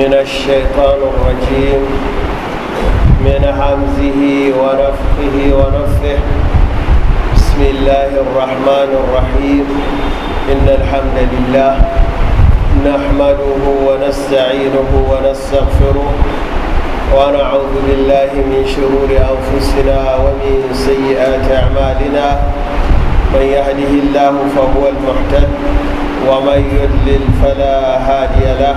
من الشيطان الرجيم من حمزه ونفخه ونفخه بسم الله الرحمن الرحيم إن الحمد لله نحمده ونستعينه ونستغفره ونعوذ بالله من شرور أنفسنا ومن سيئات أعمالنا من يهده الله فهو المحتد ومن يضلل فلا هادي له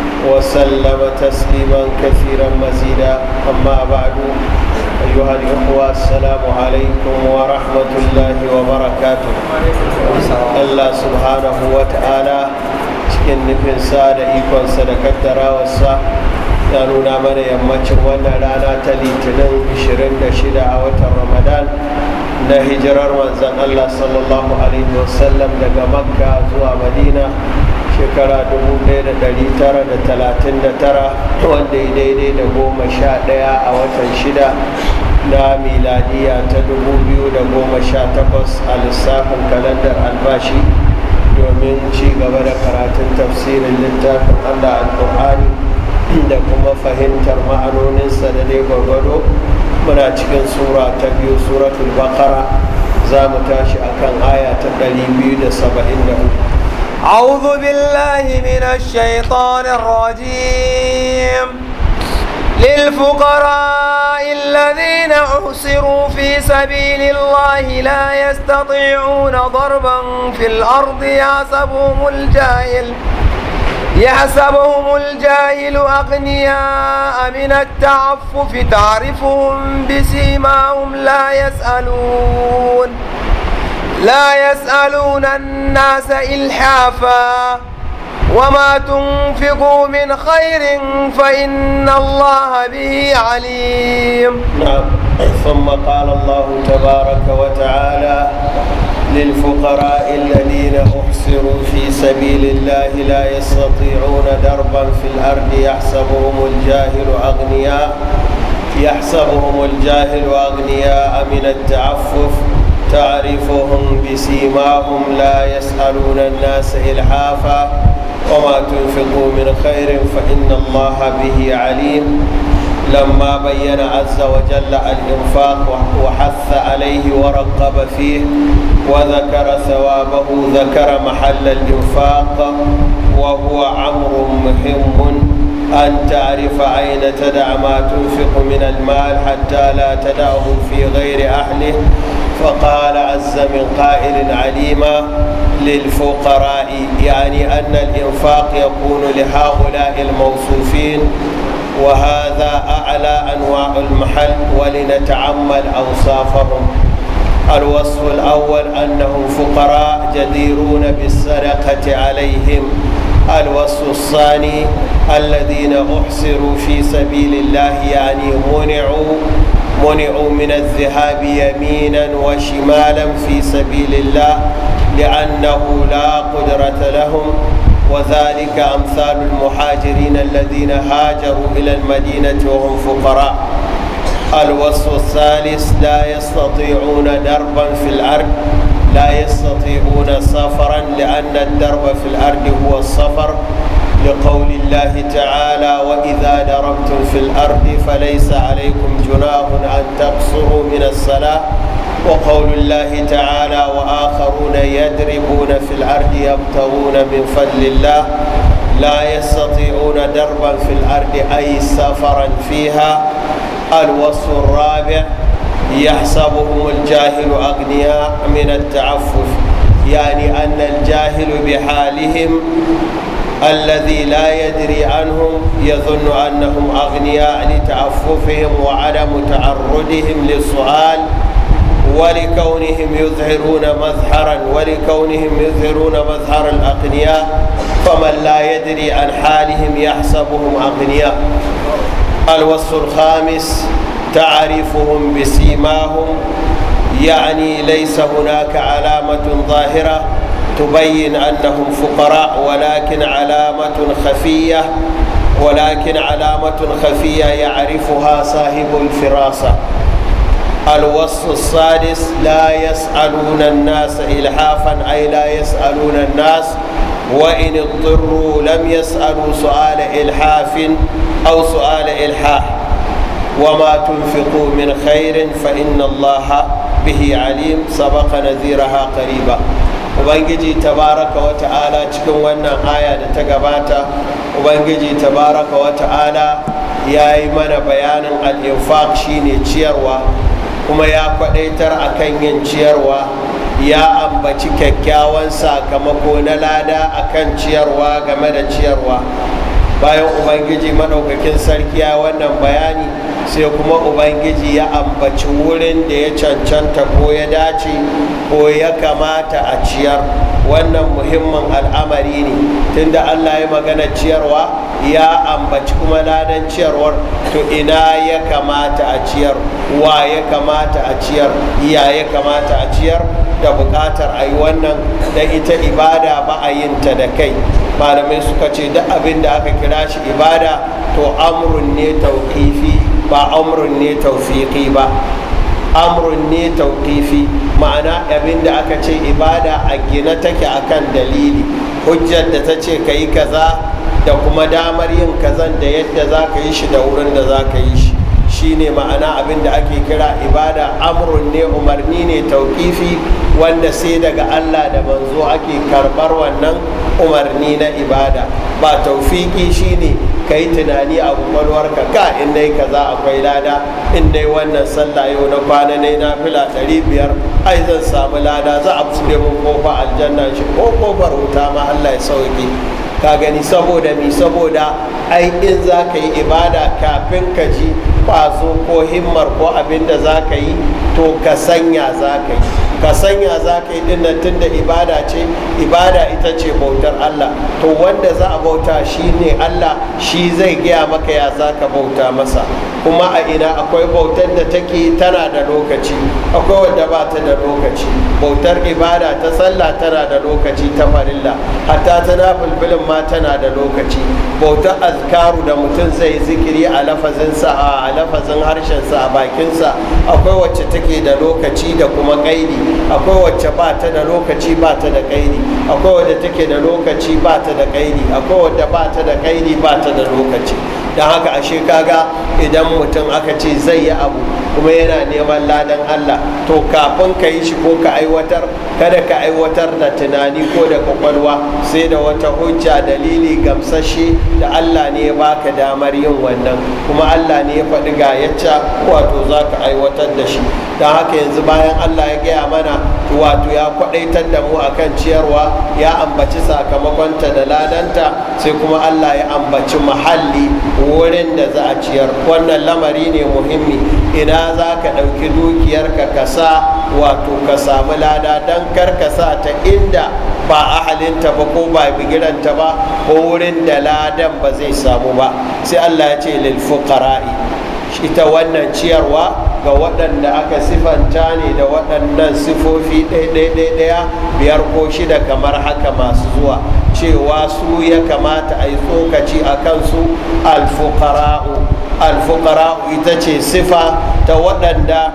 وسلم تسليما كثيرا مزيدا أما بعد أيها الأخوة السلام عليكم ورحمة الله وبركاته الله سبحانه وتعالى cikin nufinsa da ikonsa da kaddarawarsa ya nuna mana yammacin wannan rana ta litinin 26 a watan ramadan na hijirar manzan allah sallallahu alaihi wasallam daga makka zuwa madina shekara 1939 wanda ya daidai da goma sha ɗaya a watan shida na miladiya ta 2018 a lissafin kalandar albashi domin ci gaba da karatun tafsirin littafin allah alƙur'ani da kuma fahimtar ma'anoninsa da dai gwargwado muna cikin sura ta biyu suratul bakara za mu tashi akan aya ta 274 أعوذ بالله من الشيطان الرجيم للفقراء الذين أحصروا في سبيل الله لا يستطيعون ضربا في الأرض يحسبهم الجاهل يحسبهم الجاهل أغنياء من التعفف تعرفهم بسيماهم لا يسألون لا يسألون الناس إلحافا وما تنفقوا من خير فإن الله به عليم نعم ثم قال الله تبارك وتعالى للفقراء الذين أحصروا في سبيل الله لا يستطيعون دربا في الأرض يحسبهم الجاهل أغنياء يحسبهم الجاهل أغنياء من التعفف تعرفهم بسيماهم لا يسألون الناس إلحافا وما تنفقوا من خير فإن الله به عليم لما بين عز وجل الإنفاق وحث عليه ورقب فيه وذكر ثوابه ذكر محل الإنفاق وهو أمر مهم أن تعرف أين تدع ما تنفق من المال حتى لا تدعه في غير أهله فقال عز من قائل عليما للفقراء يعني أن الإنفاق يكون لهؤلاء الموصوفين وهذا أعلى أنواع المحل ولنتعمل أوصافهم الوصف الأول أنهم فقراء جديرون بالسرقة عليهم الوصف الثاني الذين أحصروا في سبيل الله يعني منعوا منعوا من الذهاب يمينا وشمالا في سبيل الله لأنه لا قدرة لهم وذلك أمثال المهاجرين الذين هاجروا إلى المدينة وهم فقراء الوصف الثالث لا يستطيعون دربا في الأرض لا يستطيعون سفرا لأن الدرب في الأرض هو السفر لقول الله تعالى وإذا ضربتم في الأرض فليس عليكم جناح أن تقصروا من الصلاة وقول الله تعالى وآخرون يدربون في الأرض يبتغون من فضل الله لا يستطيعون دربا في الأرض أي سفرا فيها الوصف الرابع يحسبهم الجاهل أغنياء من التعفف يعني أن الجاهل بحالهم الذي لا يدري عنهم يظن أنهم أغنياء لتعففهم وعدم تعرضهم للسؤال ولكونهم يظهرون مظهرا ولكونهم يظهرون مظهر الأغنياء فمن لا يدري عن حالهم يحسبهم أغنياء الوصف الخامس تعرفهم بسيماهم يعني ليس هناك علامة ظاهرة تبين أنهم فقراء ولكن علامة خفية ولكن علامة خفية يعرفها صاحب الفراسة الوصف السادس لا يسألون الناس إلحافا أي لا يسألون الناس وإن اضطروا لم يسألوا سؤال إلحاف أو سؤال إلحاح وما تنفقوا من خير فإن الله به عليم سبق نذيرها قريبا ubangiji tabaraka wa ta'ala cikin wannan aya da ta gabata ubangiji tabaraka wa ta'ala ya yi mana bayanin al'infaq shine ciyarwa kuma ya kwadaitar akan yin ciyarwa ya ambaci kyakkyawan sakamako na lada akan ciyarwa game da ciyarwa bayan ubangiji madaukakin sarki ya wannan bayani sai kuma ubangiji ya ambaci wurin da ya cancanta ko ya dace ko ya kamata a ciyar wannan muhimman al'amari ne tunda allah ya magana ciyarwa ya ambaci kuma ladan ciyarwar to ina ya kamata a ciyar wa ya kamata a ciyar ya ya kamata a ciyar da bukatar a yi wannan da ita ibada ba a yin ta da kai malamai suka ce duk abin da aka kira shi ibada to amrun ne taukifi. ba amrun ne taufiƙi ba amrun ne taukifi ma'ana abinda aka ce ibada a gina take akan dalili hujjar da ta ce ka yi kaza da kuma damar yin kazan da yadda za ka yi shi da wurin da za ka yi shi ne ma'ana abin da ake kira ibada amrun ne umarni ne taukifi wanda sai daga allah da manzo ake karɓar wannan umarni na ibada ba taufiƙi ne. ka yi tunani a kwakwalwar ka in dai kaza akwai lada in dai wannan sallah yau na kwana ne na fila ɗari biyar ai zan samu lada za a fi mun kofa aljanna shi ko kofar wuta ma allah ya sauki ka gani saboda mi saboda ai in za ka yi ibada kafin ka ji kwazo ko himmar ko abin da za ka yi to ka sanya za ka yi ka sanya za ka yi dinnan da ibada ce ibada ita ce bautar allah to wanda za a bauta shi ne allah shi zai gaya maka ya za ka bauta masa kuma a ina akwai bautar da take tana da lokaci akwai wanda ba ta da lokaci bautar ibada ta sallah tana da lokaci ta farilla hatta ta nafilfilin ma tana da lokaci bauta azkaru da mutum zai zikiri a lafazinsa a lafazin harshensa a bakinsa akwai wacce take da lokaci da kuma kaidi akwai wacce ba ta da lokaci ba ta da kaidi akwai wadda take da lokaci ba ta da kaidi akwai wadda ba ta da kaidi ba ta da lokaci don haka ashe kaga idan mutum aka ce zai yi abu kuma yana neman ladan Allah to kafin ka yi shi ko ka aiwatar kada ka aiwatar da tunani ko da kwakwalwa sai da wata hujja dalili gamsashe da Allah ne ya baka damar yin wannan kuma Allah ne ya faɗi ga yacca wato za ka aiwatar da shi don haka yanzu bayan Allah ya gaya mana wato ya kwaɗaitar da mu akan ciyarwa ya ambaci sakamakonta da ladanta sai kuma Allah ya ambaci muhalli wurin da za a ciyar wannan lamari ne muhimmi ina za ka ɗauki dukiyarka ka sa wato ka samu lada don karkasa ta inda ba ahalinta ba ko ba bigiranta ba ko wurin da ladan ba zai samu ba sai allah ya ce lilfukara'i ita wannan ciyarwa ga waɗanda aka sifanta ne da waɗannan sifofi ɗaya biyar ko shida kamar haka masu zuwa cewa su ya kamata a yi tsokaci a kansu alfukara'u alfukara ita ce sifa ta waɗanda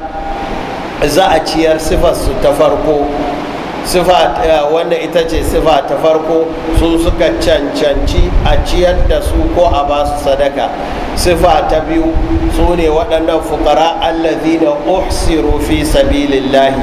za a ciyar sifarsu ta farko sifa eh, wanda ita ce sifa ta farko su suka cancanci a ciyar da su ko a ba su sadaka sifa ta biyu su ne waɗannan fukara allazi na uhsiru fi sabilillahi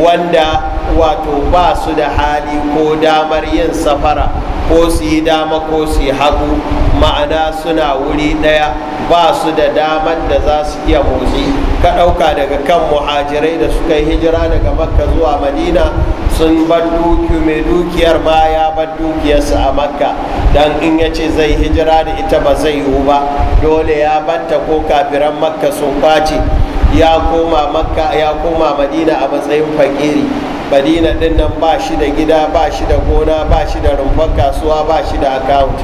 wanda wato ba su da hali ko damar yin safara ko su yi dama ko su yi hagu ma'ana suna wuri daya ba su da damar da za su iya motsi ka ɗauka daga kan muhajirai da suka yi hijira daga makka zuwa madina sun bar dukiyu mai dukiyar ma ya bar dukiyarsa a makka dan in ya ce zai hijira da ita ba zai yiwu ba dole ya banta ko kafiran makka sun kwace ya koma koma madina a matsayin fakiri madina din nan ba shi da gida ba shi da gona ba shi da rumfar kasuwa ba shi da account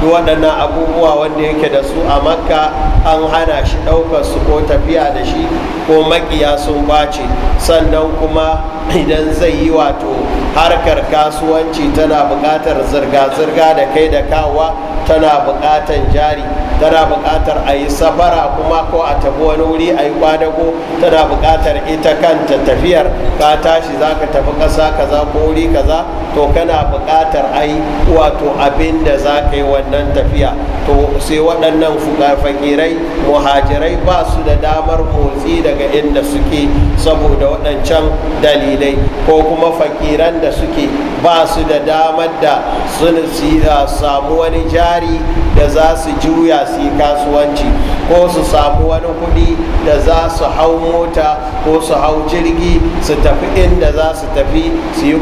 duk waɗannan abubuwa wanda yake da su a makka an hana shi ɗaukar su ko tafiya da shi ko makiya sun bace sannan kuma idan zai yi wato harkar kasuwanci tana buƙatar zirga-zirga da kai da kawa tana buƙatar jari tana buƙatar a yi safara kuma ko a tafi wani wuri a yi kwadago tana buƙatar ita kanta tafiyar ka tashi za ka tafi ƙasa kaza ko wuri kaza to kana buƙatar ai wato abin da za ka yi wannan tafiya to sai waɗannan fakirai muhajirai ba su da damar motsi daga inda suke saboda waɗancan dalilai ko kuma fakiran da suke ba su da damar da sun samu wani jari da za su juya su yi kasuwanci ko su samu wani kuɗi da za su hau mota ko su hau jirgi su tafi inda za su su tafi su yi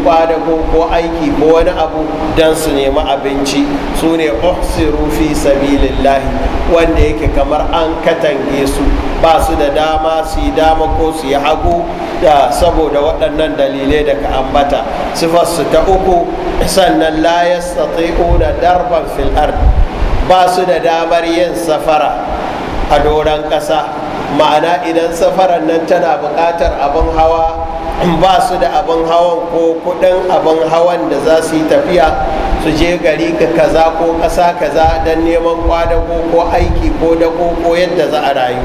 ko ko aiki ko wani abu don su nemi abinci su ne fi sabilillahi wanda yake kamar an katange su ba su da dama su yi dama ko su yi hagu da saboda waɗannan dalilai da ka ambata fasu ta uku sannan la da darban fil'ar ba su da damar yin safara a doron ƙasa ma'ana idan safarar nan tana buƙatar abin hawa in ba su da abin hawan ko kudin abin hawan da za su yi tafiya su je gari ga kaza ko ƙasa kaza don neman kwadago ko aiki ko dako ko yadda za a rayu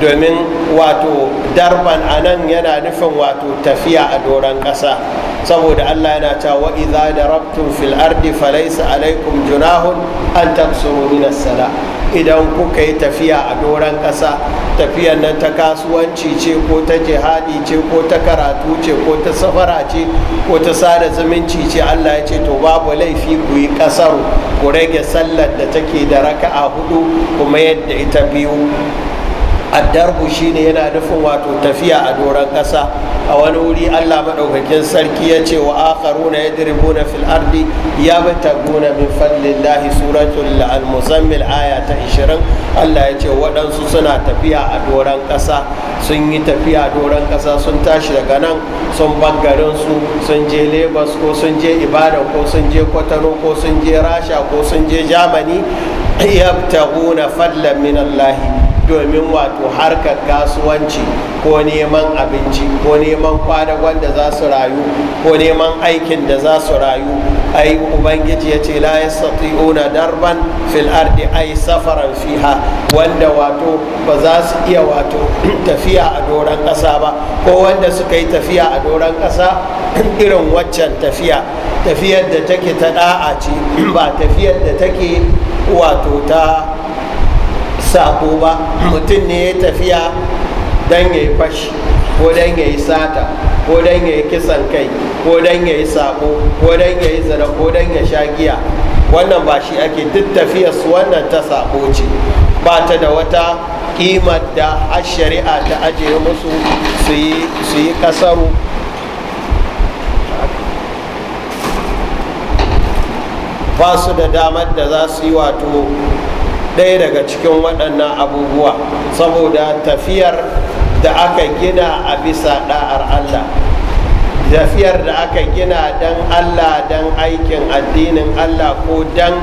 domin wato darban a nan yana nufin wato tafiya a doron ƙasa saboda allah yana ta waiza da rabtun fil ardi alaikum junahun an tamsuru minas sala idan kuka yi tafiya a doron ƙasa tafiyan nan ta kasuwanci ce ko ta jihadi ce ko ta karatu ce ko ta safara ce ko ta sada zumunci ce allah ya ce to babu laifi ku yi ku rage sallar da take da raka'a hudu kuma yadda ita biyu addarbu shine yana nufin wato tafiya a doron ƙasa a wani wuri allah maɗaukakin sarki ya ce wa akharuna yadribuna fil ardi yabtaguna min fadlillahi suratul al-muzammil aya ta 20 allah ya ce waɗansu suna tafiya a doron kasa sun yi tafiya a doron ƙasa sun tashi daga nan sun baggarin su sun je lagos ko sun je ibadan ko sun je kwatano ko sun je rasha ko sun je germany yabtaguna fadlan min allahi domin wato harkar kasuwanci ko neman abinci ko neman kwadagon da za su rayu ko neman aikin da za su rayu ai ubangiji ya ce la yastati'una darban fil ardi ai safaran fiha wanda wato ba za su iya wato tafiya a doran kasa ba ko wanda suka yi tafiya a doran kasa irin waccan tafiya tafiyar da take ta da'a ce ba tafiyar da take wato ta sako ba mutum ne ya tafiya don ya yi fashi ko don ya yi sata ko don ya yi kisan kai ko don ya yi sako ko don ya yi zara ko don ya sha giya wannan ba shi ake duk tafiyarsu wannan ta sako ce ba ta da wata kimar da ashari'a shari'a ta ajiye musu su yi kasaru ba su da damar da za su yi wato ɗaya daga cikin waɗannan abubuwa saboda tafiyar da aka gina a bisa ɗa'ar allah tafiyar da aka gina dan allah dan aikin addinin allah ko dan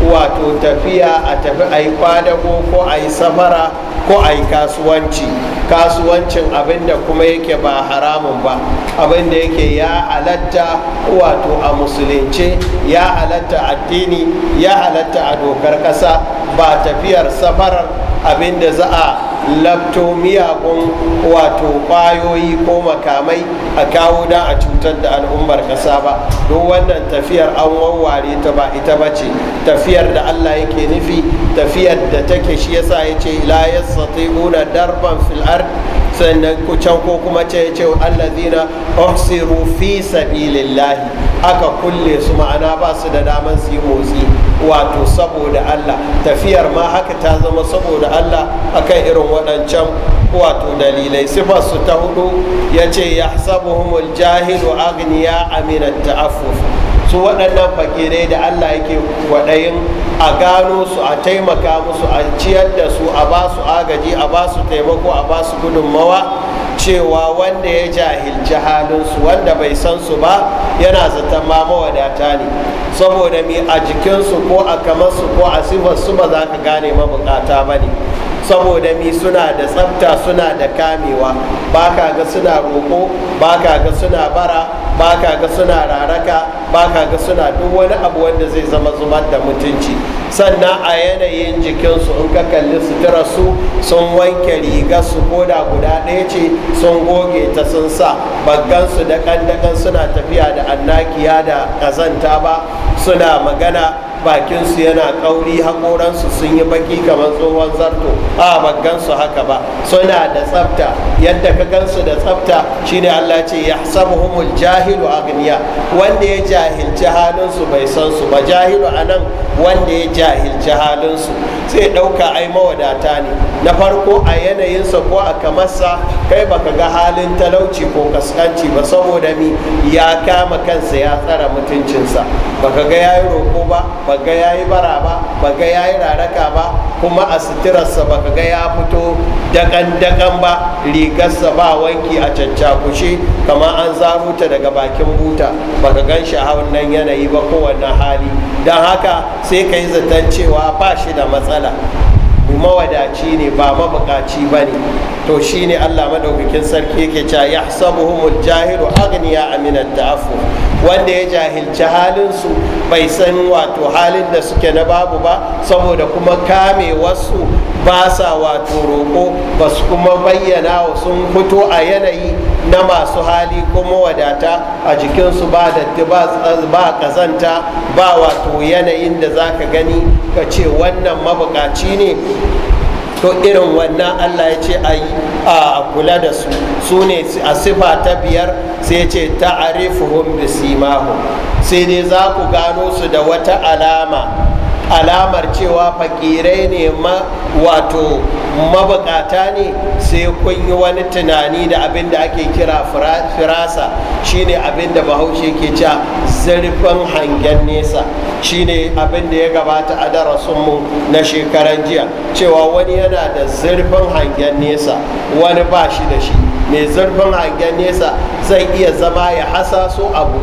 wato tafiya a tafi a yi ko a yi safara ko a yi kasuwanci kasuwancin abinda kuma yake ba haramun ba abinda yake ya halatta wato a musulunci ya halatta addini ya halatta a dokar kasa ba tafiyar safarar abinda za a labto miyagun wato ƙwayoyi ko makamai a kawo don a cutar da al'ummar ƙasa ba duk wannan tafiyar an wawware ta ba ita ba ce tafiyar da allah yake nufi tafiyar da take shi yasa ya ce la yastati'una darban fil'ar sannan can ko kuma ce ce allazina uhsiru fi sabilillahi aka kulle su ma'ana ba su da daman su yi motsi wato saboda Allah tafiyar ma haka ta zama saboda Allah akan irin waɗancan wato dalilai sifar su ta hudu ya ce ya sabuhumul jahilu agniya aminat ta'affuf su waɗannan fakirai da allah yake kwaɗayin a gano su a taimaka musu a ciyar da su a ba su agaji a ba su taimako a ba su gudunmawa cewa wanda ya jahilci halinsu wanda bai san su ba yana zaton ma mawadata ne saboda mi a jikinsu ko a kamarsu ko a sifarsu ba za ka gane mabukata ba ne saboda mi suna da tsafta suna da kamewa ba ka ga suna roƙo ba ka ga suna bara ba ka ga suna raraka ba ka ga suna duk wani abu wanda zai zama zubar da mutunci sannan a yanayin jikinsu in ka kalli su sun wanke rigarsu ko da guda ɗaya ce sun goge ta sun sa bagansu da kan suna tafiya da annakiya da ƙazanta ba suna magana bakinsu yana kauri haƙoransu sun yi baki kamar tsohon zarto a su haka ba suna da tsafta yadda ka gansu da tsafta shine allah ce ya sabuhumul jahilu agniya wanda ya jahilci halinsu bai san su ba jahilu anan wanda ya jahilci halinsu sai ɗauka ai mawadata ne na farko a yanayinsa ko a kamar sa, kai baka ga halin talauci ko kaskanci ba saboda mi ya kama kansa ya tsara mutuncinsa baka ga ya yi roƙo ba ba ga ya yi bara ba ba ya yi raraka ba kuma a suturarsa ba ga ya fito dagan dagan ba rigarsa ba wanki a cancakushe kamar an zaro daga bakin buta ba gan shi a wannan yanayi ba kowane hali don haka sai ka yi zaton cewa ba shi da matsala mawadaci ne ba mabukaci ba ne to shi ne allah madaukakin sarki yake cewa ya sabuhumul jahiru agniya aminat ta'afu wanda ya jahilci su bai san wato halin da suke na babu ba saboda kuma kame wasu ba sa wato roƙo ba su kuma bayyana sun fito a yanayi na masu hali kuma wadata a jikinsu ba datti ba kazanta ba wato yanayin da za ka gani ka ce wannan mabukaci ne to irin wannan allah ya ce a kula da su su ne a sifa ta biyar sai ce ta arifuhum bisimahu sai dai za ku gano su da wata alama alamar cewa fakirai ne ma wato mabukata ne sai kun yi wani tunani da abin da ake kira firasa shine abin da bahaushe ke cewa zurfin hangen nesa shine abin da ya gabata a mu na shekaran jiya cewa wani yana da zurfin hangen nesa wani ba shi da shi mai zurfin hangen nesa zai iya zama ya hasaso abu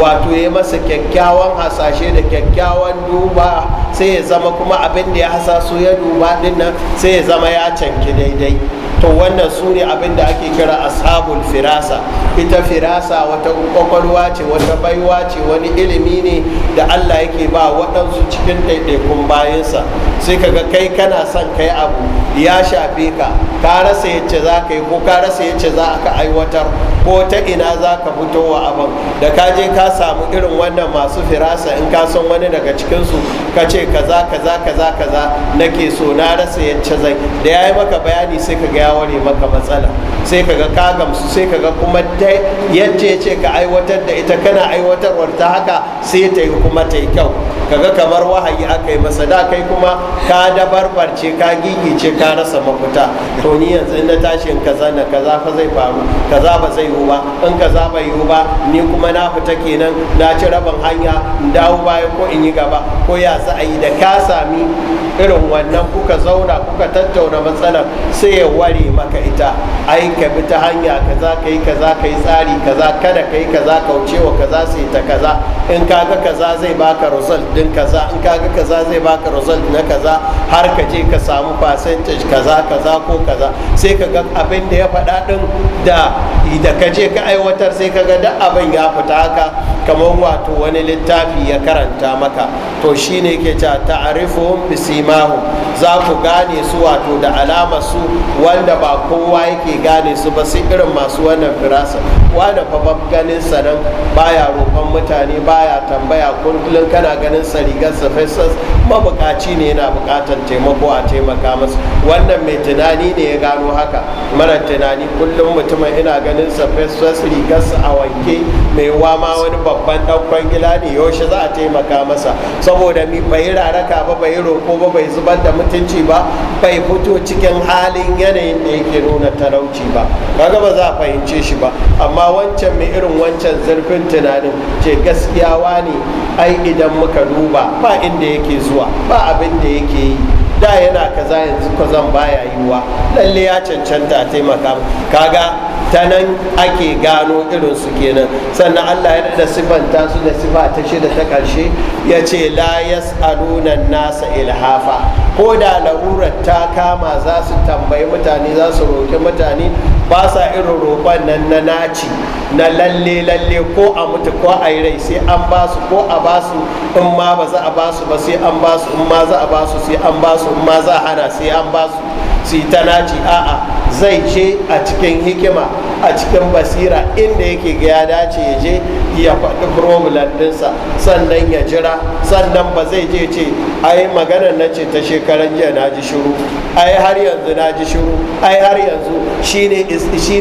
wato ya masa kyakkyawan hasashe da kyakkyawan duba sai ya zama kuma abin da ya hasaso ya duba dinnan sai ya zama ya canki daidai to wannan su ne abin da ake kira ashabul firasa ita firasa wata kwakwalwa ce wata baiwa ce wani ilimi ne da allah yake ba waɗansu cikin ɗaiɗaikun bayansa sai ka ga kai kana son kai abu ya shafe ka ka rasa yacce za ka yi ko ka rasa yacce za ka aiwatar ko ta ina za ka fito abin da ka je ka samu irin wannan masu firasa in ka son wani daga cikinsu ka ce kaza kaza kaza kaza nake so na rasa yacce zai da ya yi maka bayani sai ka ga ya ware maka matsala sai ka ga ka gamsu sai ka ga kuma yacce ya ce ka aiwatar da ita kana aiwatarwar ta haka sai ta yi kuma ta yi kyau kaga kamar wahayi aka yi masa da kai kuma ka dabarbarce ka gigice ka rasa mafuta to ni yanzu in na tashi kaza na kaza fa zai faru kaza ba zai yiwu ba in kaza bai yiwu ba ni kuma na fita kenan na ci rabin hanya in dawo baya ko in yi gaba ko ya za a yi da ka sami irin wannan kuka zauna kuka tattauna matsalar sai ya ware maka ita ai ka bi ta hanya kaza ka yi kaza ka yi tsari kaza kada ka yi kaza kaucewa kaza sai ta kaza in kaga kaza zai baka result din kaza in kaga kaza zai baka result na kaza kaza har ka je ka samu percentage kaza kaza ko kaza sai ka ga abin da ya faɗa ɗin da da ka je ka aiwatar sai ka ga duk abin ya fita haka kamar wato wani littafi ya karanta maka to shine ke ta ta'arifu bisimahu za ku gane su wato da alama su wanda ba kowa yake gane su ba sai irin masu wannan firasa wani fafaf ganin sanan nan baya roƙon mutane baya tambaya kullum kana ganin sa rigar sa fesas mabukaci ne yana bukatar taimako a taimaka masa wannan mai tunani ne ya gano haka mara tunani kullum mutumin ina ganin sa fesas rigar a wanke mai wama wani babban ɗaukwan gila ne yaushe za a taimaka masa saboda mi bai raraka ba bai roƙo ba bai zubar da mutunci ba bai fito cikin halin yanayin da yake nuna talauci ba kaga ba za a fahimce shi ba amma amma wancan mai irin wancan zurfin tunanin ce gaskiyawa ne ai idan muka duba ba inda yake zuwa ba abin da yake yi da yana kaza yanzu ko zan baya yiwa lalle ya cancanta taimaka kaga ta nan ake gano irinsu kenan sannan allah ya da sifanta su da sifa ta shida ta ƙarshe ya ce la yas'alunan nasa ilhafa ko da larurar ta kama za su tambayi mutane za su roƙi mutane ba sa irin roƙon nan na naci na lalle lalle ko a mutu ko a yi rai sai an ba su ko a ba su in ma ba za a ba su ba sai an ba su in ma za a ba su sai an ba su in ma za a hana sai an ba su su yi ta a'a zai je a cikin hikima a cikin basira inda yake ga ya dace ya je ya faɗi problem dinsa sannan ya jira sannan ba zai je ce ai maganar na ce ta shekaran jiya na ji shiru ai har yanzu na ji shiru ai har yanzu shine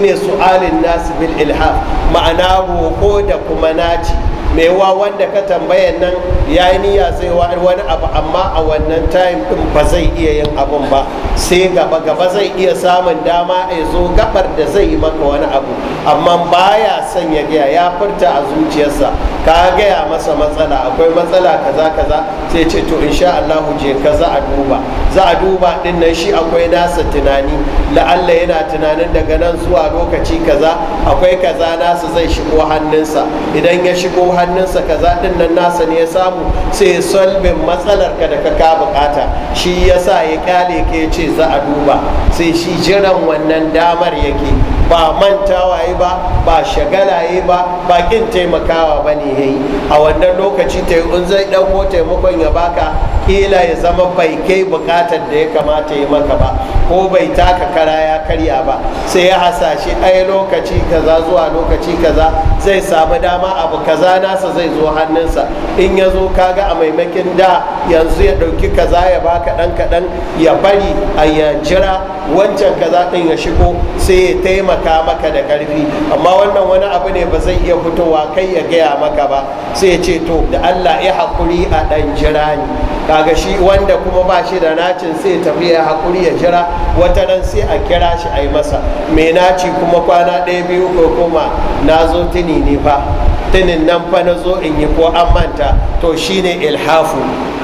ne su'alin nasu bil ilham ma'ana roƙo da kuma naci mewa wanda ka tambayan nan ya yi niyya zai wani abu amma a wannan time din ba zai iya yin abun ba sai gaba gaba zai iya samun dama ya zo gabar da zai yi maka wani abu amma baya son ya gaya ya furta a zuciyarsa ka gaya masa matsala akwai matsala kaza kaza sai ce to insha Allah je ka za a duba za a duba din nan shi akwai nasa tunani la'alla yana tunanin daga nan zuwa lokaci kaza akwai kaza nasa zai shigo hannunsa idan ya shigo hannunsa kaza din nan nasa ne ya samu sai solbin matsalar ka da ka ka bukata shi yasa ya kyale ke ce za a duba sai shi jiran wannan damar yake ba mantawa yi ba ba shagala yi ba ba kin taimakawa ba ne ya yi a wannan lokaci in zai ɗauko taimakon ya baka kila ya zama bai kai bukatar da ya kamata ya maka ba ko bai taka kara ya karya ba sai ya hasashe ai lokaci kaza zuwa lokaci kaza zai samu dama abu kaza nasa zai zo hannunsa in ya zo kaga a maimakin da yanzu ya ɗauki kaza ya ba kaɗan kaɗan ya bari a ya jira wancan kaza ɗin ya shigo sai ya taimaka maka da ƙarfi amma wannan wani abu ne ba zai iya fitowa kai ya gaya maka ba sai ya ce to da allah ya haƙuri a ɗan jira ne kaga shi wanda kuma ba shi da nacin sai tafi ya haƙuri ya jira wata ran sai a kira shi a yi masa mai naci kuma kwana ɗaya biyu ko kuma na zo tuni ne fa tunin nan fa na zo in yi ko an manta to shine ilhafu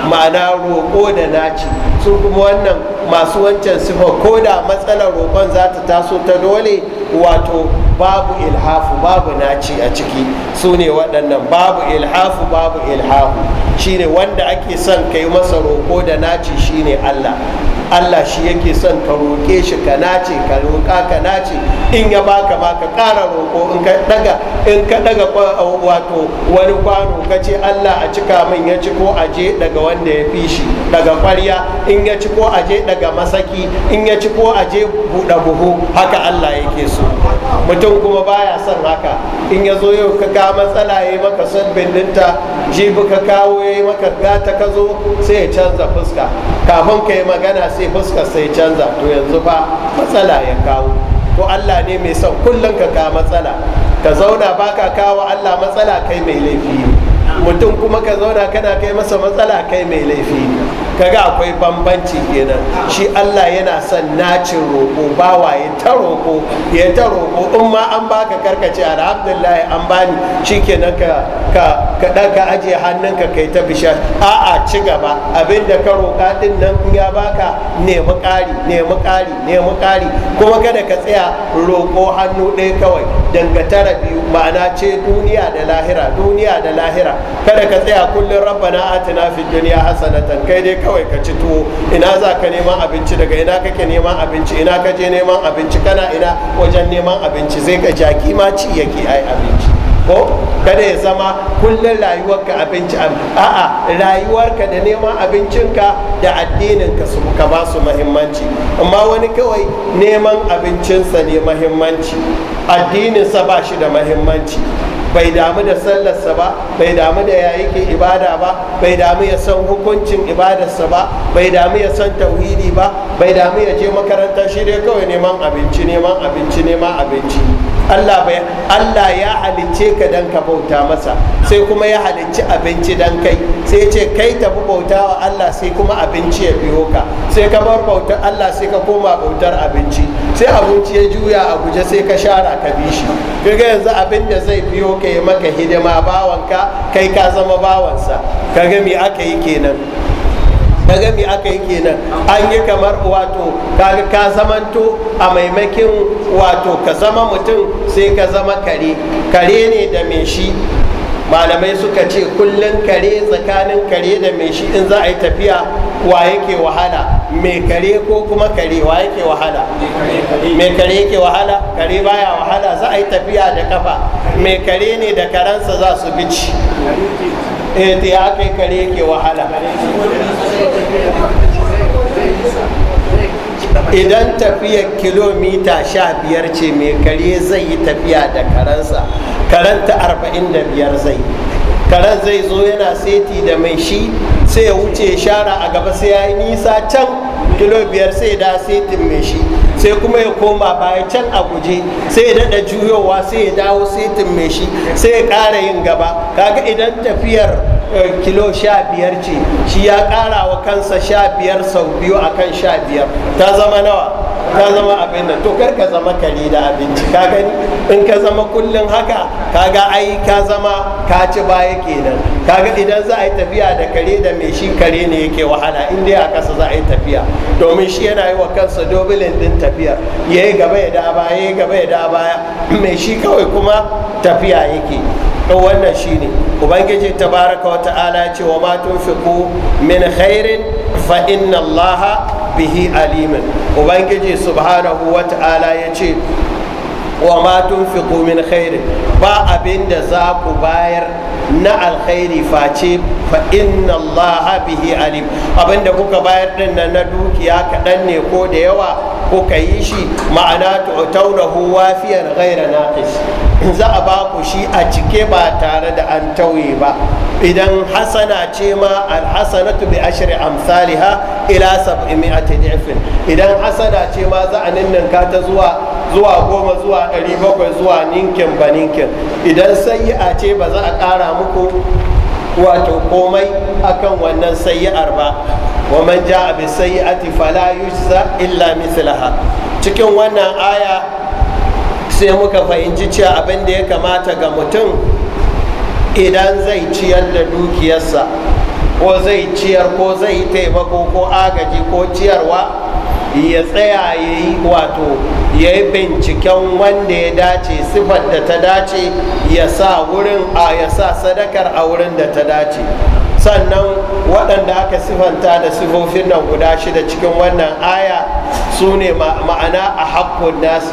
ma'ana roƙo da naci su kuma wannan masu wancan sifa ko da matsalar roƙon za ta taso ta dole wato babu ilhafu babu naci a ciki su ne waɗannan babu ilhafu babu ilhafu shine wanda ake son ka yi masa roƙo da naci shine allah allah shi yake son ka roƙe shi ka nace ka roƙa ka nace in ya baka baka ka ƙara roƙo in ka daga in ka daga wato wani kwano ka ce allah a cika min ya ci ko je daga wanda ya fi shi daga farya in ya ci ko je daga masaki in ya ci ko je buɗe buhu haka allah yake so mutum Mutum kuma baya son haka in ya zo yau ka matsala ya maka sabbin dinta jibi ka kawo ya yi maka gata ka zo sai ya canza fuska kafin ka yi magana sai fuska sai canza to yanzu fa matsala ya kawo to allah ne mai son kullum ka ka matsala ka zauna ba ka kawo allah matsala kai mai laifi mutum kuma ka zauna kana kai masa matsala kai mai laifi ne kaga akwai bambanci kenan shi Allah yana son nacin roƙo bawa ya ta roƙo ya ta roƙo in ma an baka karkace alhamdulillah an bani shikenan ka ka ka dan ka aje hannunka kai ta bisha a'a ci gaba abinda ka roƙa din nan in ya baka nemi ƙari nemi ƙari nemi ƙari kuma kada ka tsaya roƙo hannu ɗaya kawai dangantara biyu ma'ana ce duniya da lahira duniya da lahira kada ka tsaya kullum rabbana atina fid dunya hasanatan kai dai kawai ka ci tuwo ina za ka neman abinci daga ina kake neman abinci ina ka je neman abinci kana ina wajen neman abinci zai ga jaki ma ci yake ai abinci ko kada ya zama kullum rayuwarka abinci a'a rayuwarka da neman abincinka da addininka su ka ba su mahimmanci amma wani kawai neman abincinsa ne mahimmanci addininsa ba shi da mahimmanci bai damu da sallarsa ba bai damu da ya yake ibada ba bai damu ya san hukuncin ibadarsa ba bai damu ya san tauhidi ba bai damu ya je makaranta shi dai kawai neman abinci neman abinci neman abinci Allah bai Allah ya halicce ka dan ka bauta masa sai kuma ya halicci abinci dan kai sai ce kai tafi bauta wa Allah sai kuma abinci ya biyo ka sai ka bar bauta Allah sai ka koma bautar abinci sai abinci ya juya a guje sai ka shara ka bi shi kaga yanzu abin da zai biyo ka yi maka hidima bawanka kai ka zama bawansa kaga me aka yi kenan daga mi aka yi kenan an yi kamar wato kaga ka zamanto a maimakin wato ka zama mutum sai ka zama kare kare ne da mai shi malamai suka ce kullum kare tsakanin kare da mai shi in za a yi tafiya wa yake wahala mai kare ko kuma kare wa yake wahala mai kare yake wahala kare baya wahala za a yi tafiya da kafa mai kare ne da karansa za su bici eh ta ya kai kare ke wahala idan tafiyar kilomita sha biyar ce mai kare zai yi tafiya da karansa karanta arba'in da biyar zai yi karen zai zo yana seti da mai shi sai ya wuce shara a gaba sai ya yi nisa can kilo biyar sai da setin mai shi sai kuma ya koma baya can a guje sai ya daɗa juyowa sai ya dawo setin mai shi sai ya ƙara yin gaba kaga idan tafiyar Eh, kilo sha biyar ce shi ya kara wa kansa sha biyar sau biyu a kan sha biyar ta zama nawa ta zama abin nan to kar ka zama kare da abinci ka gani in ka zama kullum haka ka ga ai ka zama ka ci baya kenan ga idan za a yi tafiya da kare da mai shi kare ne yake wahala in dai a kasa za a yi tafiya domin shi yana yi wa kansa dobilin din tafiya ya yi gaba ya da baya ya yi gaba ya da baya mai shi kawai kuma tafiya yake to wannan shine ubangiji tabaraka wa ta'ala ya ce wa ma tunfiqu min khairin fa inna allaha bihi alimin ubangiji subhanahu wa ta'ala ya ce wa ma tunfiqu min khairin ba abin da za ku bayar na alkhairi face fa inna allaha bihi alim abin da kuka bayar nan na dukiya kaɗan ne ko da yawa ka yi shi ma'ana tu'taunahu wafiyan gaira naqis za a ba ku shi a cike ba tare da an tauye ba idan hasana ce ma alhasanatu bi ashri amsalha ila sab'i mi'ati idan hasana ce ma za a ka ta zuwa zuwa goma zuwa ɗari bakwai zuwa ninkin ba ninkin idan sayi'a ce ba za a ƙara muku wato komai akan wannan sayi'ar ba wa man ja'a bi sayyi'ati fala yujza illa mithlaha cikin wannan aya sai muka fahimci cewa abin da ya kamata ga mutum idan zai ciyar da dukiyarsa ko zai ciyar ko zai taimako ko agaji ko ciyarwa ya tsaya ya yi wato ya yi binciken wanda ya dace sifar da ta dace ya sa wurin a ya sa sadakar a wurin da ta dace sannan waɗanda aka sifanta da sifofin nan guda shida cikin wannan aya su ne ma'ana a haƙƙon nasi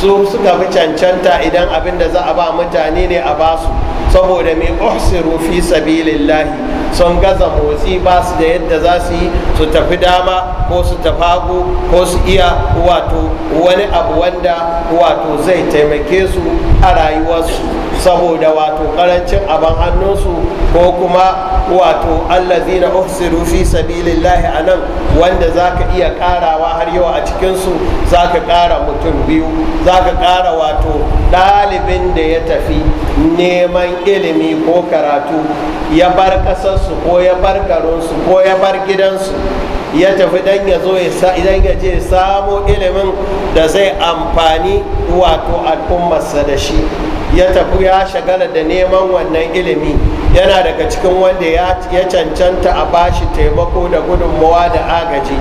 su suka fi cancanta idan abin da za a ba mutane ne a basu saboda mai uhsiru fi sabilillahi sun gaza motsi ba su da yadda za su yi su tafi dama ko su tafagu ko su iya wato wani abu wanda wato zai taimake su a rayuwarsu saboda wato karancin abin hannunsu ko kuma wato allazina uhsiru fi sabilillahi nan wanda za ka iya karawa har yau a cikinsu za ka kara mutum biyu za ka ƙara wato ɗalibin da ya tafi neman ilimi ko karatu ya bar ƙasarsu ko ya bar garinsu ko ya bar gidansu ya tafi dan ya zo idan ya je samo ilimin da zai amfani wato al'ummarsa da shi ya tafi ya shagala da neman wannan ilimi yana daga cikin wanda ya cancanta a bashi taimako da gudunmawa da agaji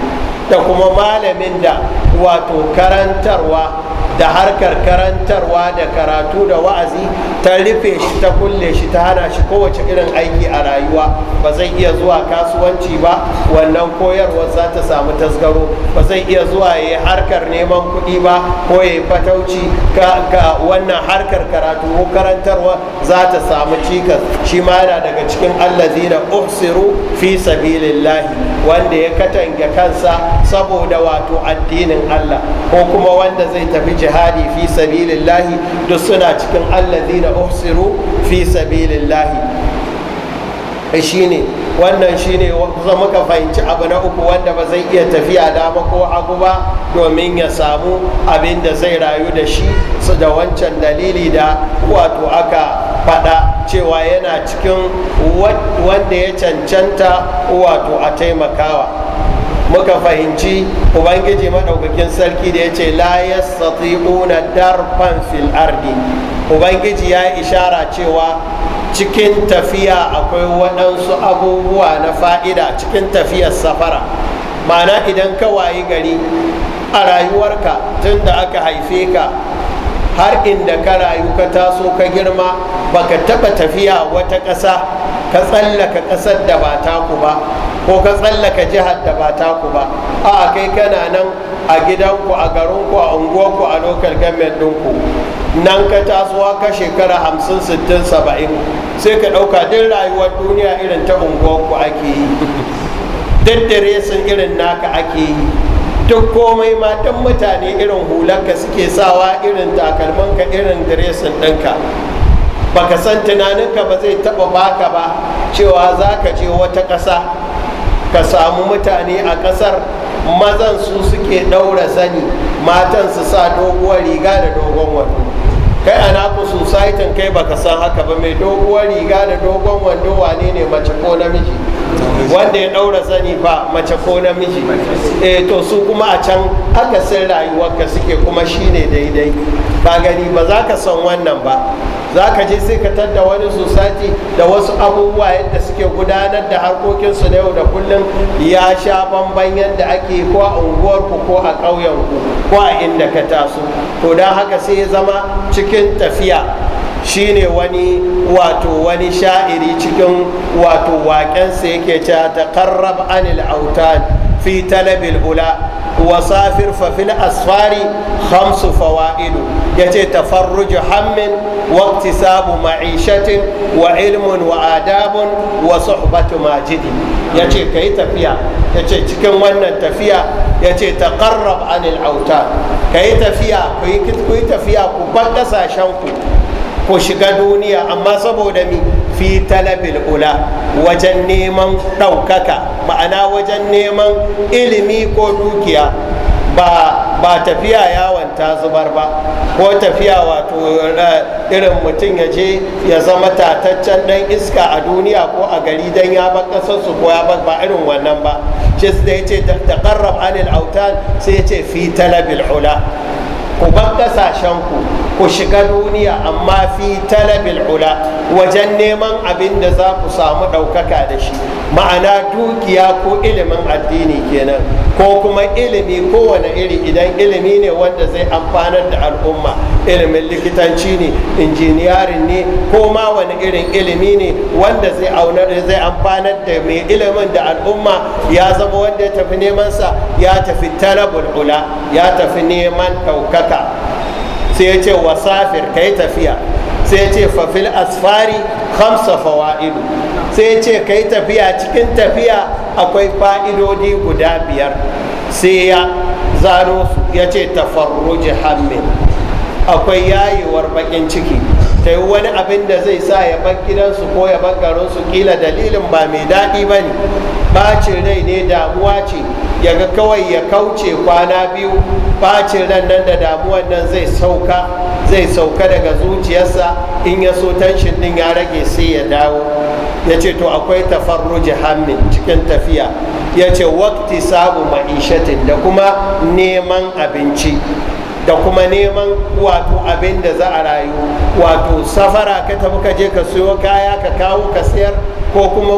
da kuma malamin da wato karantarwa da harkar karantarwa da karatu da wa'azi ta rufe shi ta kulle shi ta hana shi kowace irin aiki a rayuwa ba zai iya zuwa kasuwanci ba wannan koyarwar za ta samu tasgaro ba zai iya zuwa ya yi harkar neman kuɗi ba ko ya yi fatauci ga wannan harkar karatu ko karantarwa za ta samu cikas shi ma yana daga cikin da uhsiru fi sabilillahi wanda ya katanga kansa saboda wato addinin Allah ko kuma wanda zai tafi jihadi fi sabilillahi duk suna cikin allazina uhsiru fi sabilillahi shine wannan shine muka fahimci abu na uku wanda ba zai iya tafiya dama ko abu ba domin ya samu abin da zai rayu da shi su da wancan dalili da wato aka faɗa cewa yana cikin wanda ya cancanta wato a taimakawa muka fahimci ubangiji maɗaukakin sarki da ya ce la yastati'una darfan fil ardi ubangiji ya yi ishara cewa cikin tafiya akwai waɗansu abubuwa na fa'ida cikin tafiyar safara mana idan ka wayi gari a rayuwarka tun da aka haife ka har inda ka rayu ka taso ka girma baka taɓa tafiya wata ƙasa ka tsallaka ƙasar da ba taku ba ko ka tsallaka jihar da ba taku ba a kai kana nan a gidanku a garinku a unguwarku a local government ɗinku nan ka tasowa ka shekara hamsin sittin saba'in sai ka ɗauka duk rayuwar duniya irin ta unguwarku ake yi duk sun irin naka ake yi duk komai matan mutane irin hularka suke sawa irin takalmanka irin diresin ɗinka baka san tunaninka ba zai taɓa baka ba cewa za ka je wata ƙasa ka samu mutane a ƙasar mazan su suke ɗaura sani matan su sa doguwar riga da dogon wando kai a naku societin kai baka san haka ba mai doguwar riga da dogon wando wane ne mace ko namiji wanda ya daura zani fa mace ko namiji eh to su kuma a can haka rayuwar rayuwarka suke kuma shine daidai ba gani ba za ka san wannan ba za ka je sai ka tadda wani sosati da wasu abubuwa yadda suke gudanar da harkokinsu na yau da kullum ya sha bamban yadda ake ko a unguwarku ko a ƙauyenku ko a inda ka taso to don haka sai ya zama cikin tafiya shine wani wato wani sha'iri cikin wato waƙensa yake cewa ta karrab anil autan fi talabil ula wasafir fa fil asfari khamsu fawa'idu ya ce tafarruj hammin wa iktisabu ma'ishatin wa ilmun wa adabun wa suhbatu majidi ya ce ka yi tafiya ya ce cikin wannan tafiya ya ce ta karrab anil auta ka yi tafiya ku yi tafiya ku bakasashen ku ku shiga duniya amma saboda mi fi talabil ula wajen neman ɗaukaka ma'ana wajen neman ilimi ko dukiya ba ba tafiya yawon ta zubar ba ko tafiya wato eh, irin mutum ya je ya zama tataccen dan iska a duniya ko a gari dan ya ba kasarsu ko ya ba irin wannan ba ce da ya ce taqarrab anil autan sai ya ce fi talabil ula ku bar kasashen ku ku shiga duniya amma fi talabil ula wajen neman abin da za ku samu ɗaukaka da shi ma'ana dukiya ko ilimin addini kenan ko kuma ilimi kowane iri idan ilimi ne wanda zai amfanar da al'umma ilimin likitanci ne injiniyarin ne ko ma wani irin ilimi ne wanda zai amfanar da mai ilimin da al'umma ya zama wanda ya tafi neman sa, ya tafi talabul ula ya tafi neman ɗaukaka sai ya ce wasafir ka yi tafiya sai ya ce fafil asfari hamsa fawa'idu sai ya ce ka yi tafiya cikin tafiya akwai fa'idodi guda biyar sai ya zano su ya ce tafarruji hammin akwai yayewar bakin ciki ta yi wani abin da zai sa ya bar gidansu ko ya bar garinsu kila dalilin ba mai daɗi ba ne ɓacin rai ne damuwa ce ya ga kawai ya kauce kwana biyu bacin ran nan da damuwan nan zai sauka zai sauka daga zuciyarsa in ya so tanshin din ya rage sai ya dawo ya ce to akwai tafarruji hammin cikin tafiya ya ce wakti sabu ma'ishatin da kuma neman abinci da kuma neman wato abin da za a rayu wato safara ka tafi ka je ka siyo kaya ka kawo ka sayar ko kuma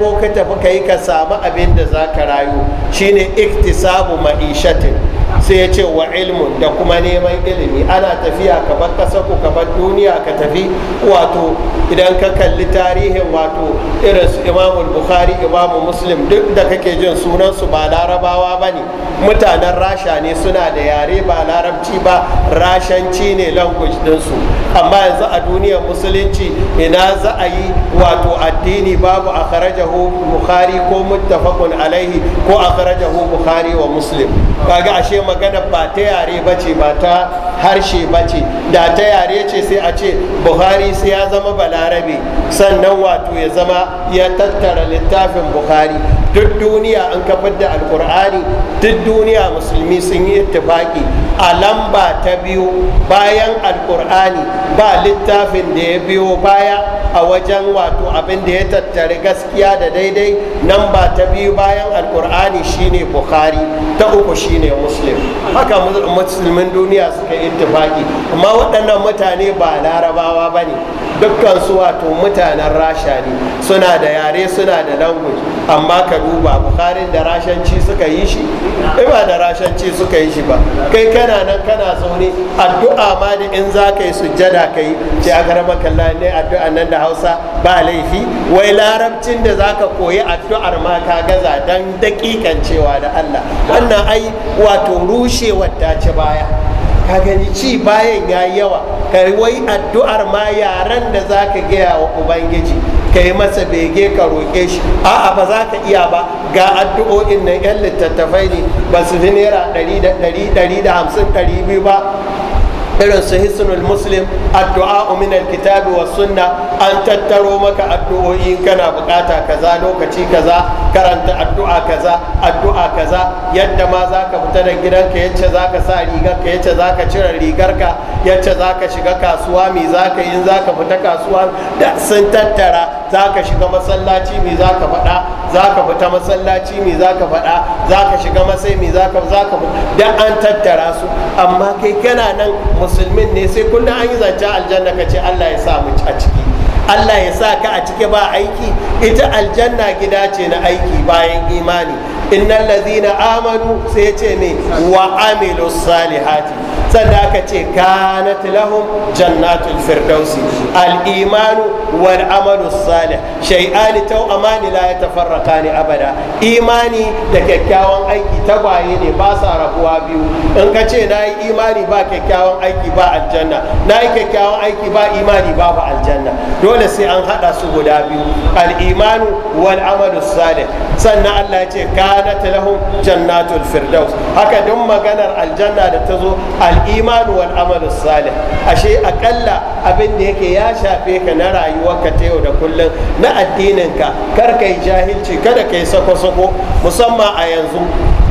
ko ka tafi ka yi ka samu abin da za ka rayu shine iktisabu ma'ishatin sai ya ce wa ilmun da kuma neman ilimi ana tafiya ka bar ku ka bar duniya ka tafi wato idan ka kalli tarihin wato irin su imamu bukhari imamu muslim duk da kake jin sunan su ba larabawa ba ne mutanen rasha ne suna da yare ba larabci ba rashanci ne language dinsu amma yanzu a duniyar musulunci ina za a yi wato addini babu a kharajahu bukhari ko muttafaqun alaihi ko a kharajahu bukhari wa muslim kaga ashe magana ba ta yare ba ce ba ta harshe ba ce da ta yare ce sai a ce buhari sai ya zama balarabe sannan wato ya zama ya tattara littafin buhari duk duniya an kafar da alkur'ani duk duniya musulmi sun yi ittifaki a lamba ta biyu bayan alkur'ani ba littafin da ya biyo baya a wajen wato abin da ya tattari gaskiya da daidai nan ba ta biyu bayan alkur'ani shine bukhari ta uku shine muslim haka musulmin duniya suka yi ittifaki amma waɗannan mutane ba larabawa ba ne dukkan su wato mutanen rasha ne suna da yare suna da language amma ka duba bukarin da rashanci suka yi shi ba da rashanci suka yi shi ba kai kana nan kana zaune addu'a ma da in za ka yi sujjada ka yi ce a rama kalla ne addu'a nan da hausa ba laifi wai larabcin da za ka koyi addu'ar ma ka gaza dan dakikan cewa da allah wannan ai wato rushewar ta ci baya ka gani ci bayan ya yi yawa ka wai addu'ar ma yaran da za ka gaya wa ubangiji ka yi masa bege ka roƙe shi a'a ba za ka iya ba ga addu'o'in nan yan littattafai ne ba su fi naira ɗari da hamsin ɗari biyu ba irin su hisnul muslim addu'a min alkitabi wa sunna an tattaro maka addu'o'i kana bukata kaza lokaci kaza karanta addu'a kaza addu'a kaza yadda ma zaka fita da gidanka yacce zaka sa rigar ka yacce zaka cire rigar ka yacce zaka shiga kasuwa me zaka yi zaka fita kasuwa da sun tattara zaka shiga masallaci me zaka faɗa zaka fita masallaci me zaka faɗa zaka shiga masai me zaka zaka da an tattara su amma kai kana nan musulmin ne sai kullum an yi zance aljanna ka ce allah ya sa mu a ciki allah ya sa ka a ciki ba aiki ita aljanna gida ce na aiki bayan imani innal ladhina amanu sai ya ce me wa amilu salihati sannan aka ce kanat lahum jannatul firdausi al-imanu wal amalu salih shay'ani taw amani la yatafarraqani abada imani da kyakkyawan aiki tagwaye ne ba sa rabuwa biyu in ka ce nayi imani ba kyakkyawan aiki ba aljanna nayi kyakkyawan aiki ba imani babu aljanna dole sai an hada su guda biyu al-imanu wal amalu salih sannan Allah ya ce kanat lahum jannatul firdaus haka duk maganar aljanna da ta zo al iman wal amalu salih ashe akalla abin da yake ya shafe ka na rayuwarka ta yau da kullum na addinin ka kar ka jahilci kada ka yi sako-sako musamman a yanzu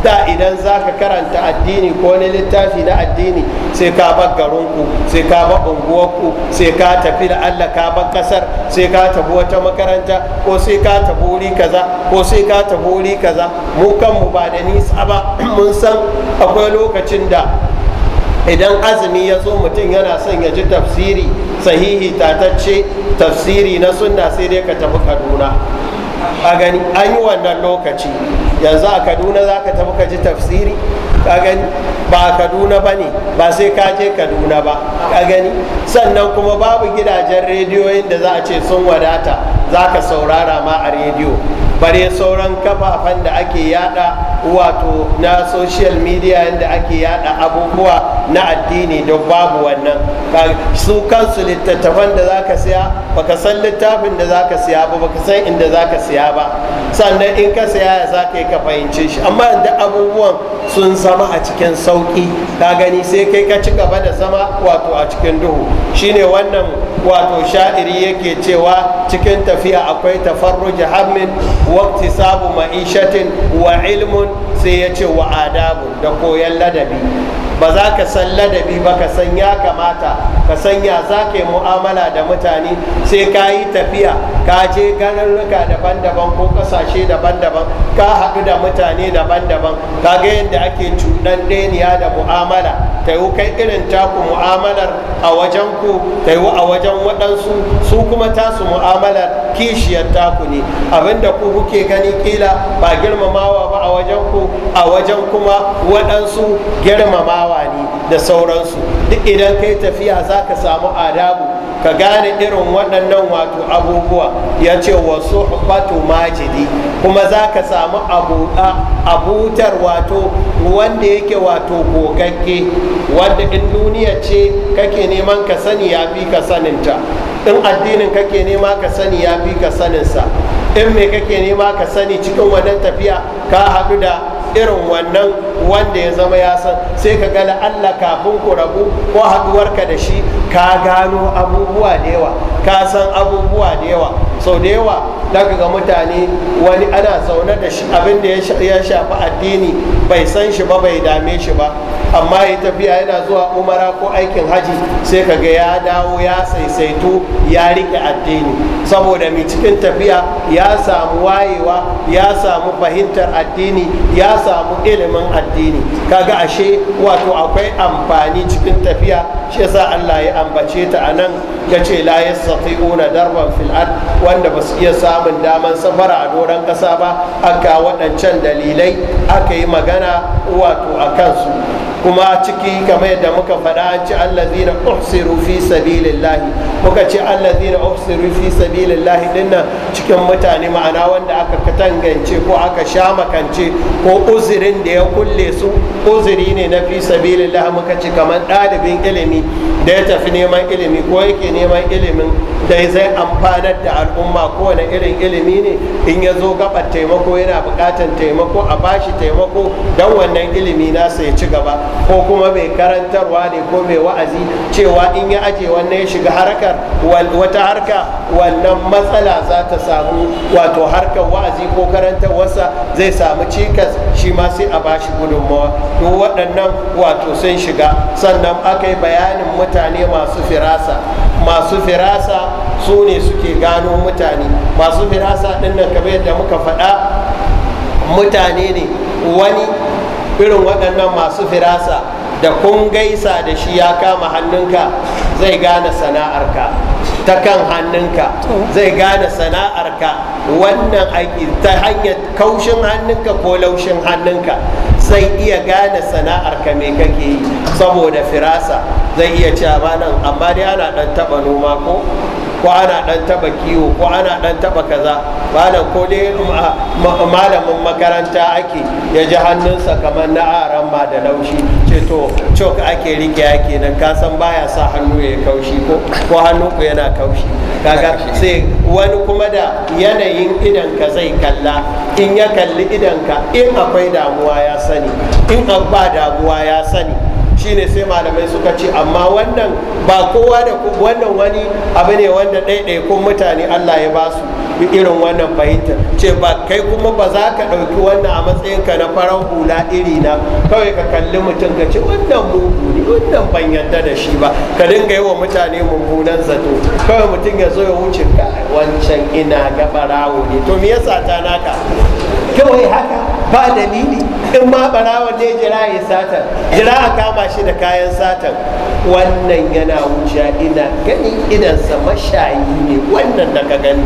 da idan zaka karanta addini ko wani littafi na addini sai ka bar garinku sai ka bar unguwarku sai ka tafi da allah ka bar kasar sai ka tafi wata makaranta ko sai ka tafi wuri kaza ko sai ka tafi wuri kaza mu kanmu ba da nisa ba mun san akwai lokacin da idan azumi ya zo mutum yana son ya ji tafsiri sahihi tatacce tafsiri na sunna sai dai ka tafi kaduna a gani an yi wannan lokaci yanzu a kaduna za ka tafi ka ji tafsiri a gani ba kaduna ba ne ba sai ka je kaduna ba a gani sannan kuma babu gidajen rediyoyin da za a ce sun wadata za ka saurara ma a rediyo bare sauran kafafen da ake yada wato na social media yadda ake yada abubuwa na addini da babu wannan su kansu littattafan da za ka siya baka san littafin da za ka siya ba baka san inda za ka siya ba sannan in ka siya ya za ka yi ka fahimci shi amma da abubuwan sun zama a cikin sauki ka gani sai kai ka ci gaba da zama wato a cikin duhu shine wannan wato sha'iri yake cewa cikin tafiya akwai tafarruji hammin sabu ma'ishatin wa ilmun sai ya ce wa adabu da koyan ladabi ba za ka san ladabi ba ka san ya kamata ka san ya za ka yi mu'amala da mutane sai ka yi tafiya ka je garurruka daban-daban ko kasashe daban-daban ka haɗu da mutane daban-daban ka ga yadda ake cuɗan da mu'amala ta yi kai irin taku mu'amalar a wajen ku ta yi a wajen waɗansu su kuma tasu mu'amalar kishiyar taku ne abinda ku kuke gani kila ba girmamawa ba a wajen ku a wajen kuma waɗansu girmamawa ne da sauransu duk idan kai tafiya za ka samu adabu ka gane irin waɗannan wato abubuwa ya ce wasu suhbatu majidi kuma za ka samu abutar wato wanda yake wato gogagge wanda in duniya ce kake neman ka sani ya fi ka saninta in addinin kake nema ka sani ya fi ka saninsa in me kake nema ka sani cikin wannan tafiya ka haɗu da irin wannan wanda ya zama ya san sai ka gala allah kafin ku rabu ko ka da shi ka gano abubuwa da yawa ka san abubuwa da yawa sau da yawa daga ga mutane wani ana zaune da shi abin da ya shafi addini bai san shi ba bai dame shi ba amma ya tafiya yana zuwa umara ko aikin haji sai ka ga ya dawo ya saisaito ya rike addini saboda mai cikin tafiya ya samu wayewa ya samu fahimtar addini ya samu ilimin addini kaga ashe wato akwai amfani cikin tafiya shi yasa Allah ya ambace ta anan yace la yastati'una darban fil ard wanda ba su iya samun daman safara a doron kasa ba aka waɗancan dalilai aka yi magana wato a kansu kuma ciki kamar yadda muka faɗa an ci allazina uhsiru fi sabilillahi muka ce allazina uhsiru fi sabilillahi dinna cikin mutane ma'ana wanda aka katangance ko aka sha makance ko uzirin da ya kulle su uziri ne na fi sabilillahi muka ci kamar ɗalibin ilimi da ya tafi neman ilimi ko yake neman ilimin da zai amfanar da al'umma kowane irin ilimi ne in ya zo gabar taimako yana buƙatar taimako a bashi taimako don wannan ilimi nasa ya ci gaba ko kuma bai karantarwa ne ko bai wa'azi cewa in ya aje wannan ya shiga harkar wata harka wannan matsala za ta samu wato harkar wa'azi ko karantarwarsa zai samu cikas shi ma sai a bashi gudunmawa to waɗannan wato sun shiga sannan aka yi bayanin mutane masu firasa masu firasa su ne suke gano mutane masu firasa ɗin nan kamar yadda muka faɗa mutane ne wani irin waɗannan masu firasa da kun gaisa da shi ya kama hannunka zai gane sana'arka ta kan hannunka zai gane sana'arka wannan ta hanyar kaushin hannunka ko laushin hannunka zai iya gane sana'arka mai kake yi saboda firasa zai iya cewa nan amma dai ana ɗan taɓa noma ko ko ana dan taba kiwo ko ana dan taba kaza malam ko dai ah, malamin makaranta ake ya ji hannunsa kamar na aran ah, ma da laushi ce to cok ake rike ake nan ka san baya sa hannu ya kaushi ko ko hannu ko yana kaushi kaga sai wani kuma da yanayin idan ka zai kalla in ya kalli idan ka in akwai damuwa ya sani in an ba damuwa ya sani shine sai malamai suka ce amma wannan ba kowa da wannan wani abu ne wanda ɗaiɗaikun mutane allah ya ba su irin wannan fahimtar ce ba kai kuma ba za ka ɗauki wannan a matsayinka na farar hula iri na kawai ka kalli mutum ka ce wannan mugu ne wannan ban yarda da shi ba ka dinga yi wa mutane mummunan zato kawai mutum ya zo ya wuce ka wancan ina ga barawo ne to me yasa ta naka kawai haka ba dalili in ma barawan ne jira ya satan jira a kama shi da kayan satan wannan yana wuce ina gani idansa mashayi ne wannan da ka gani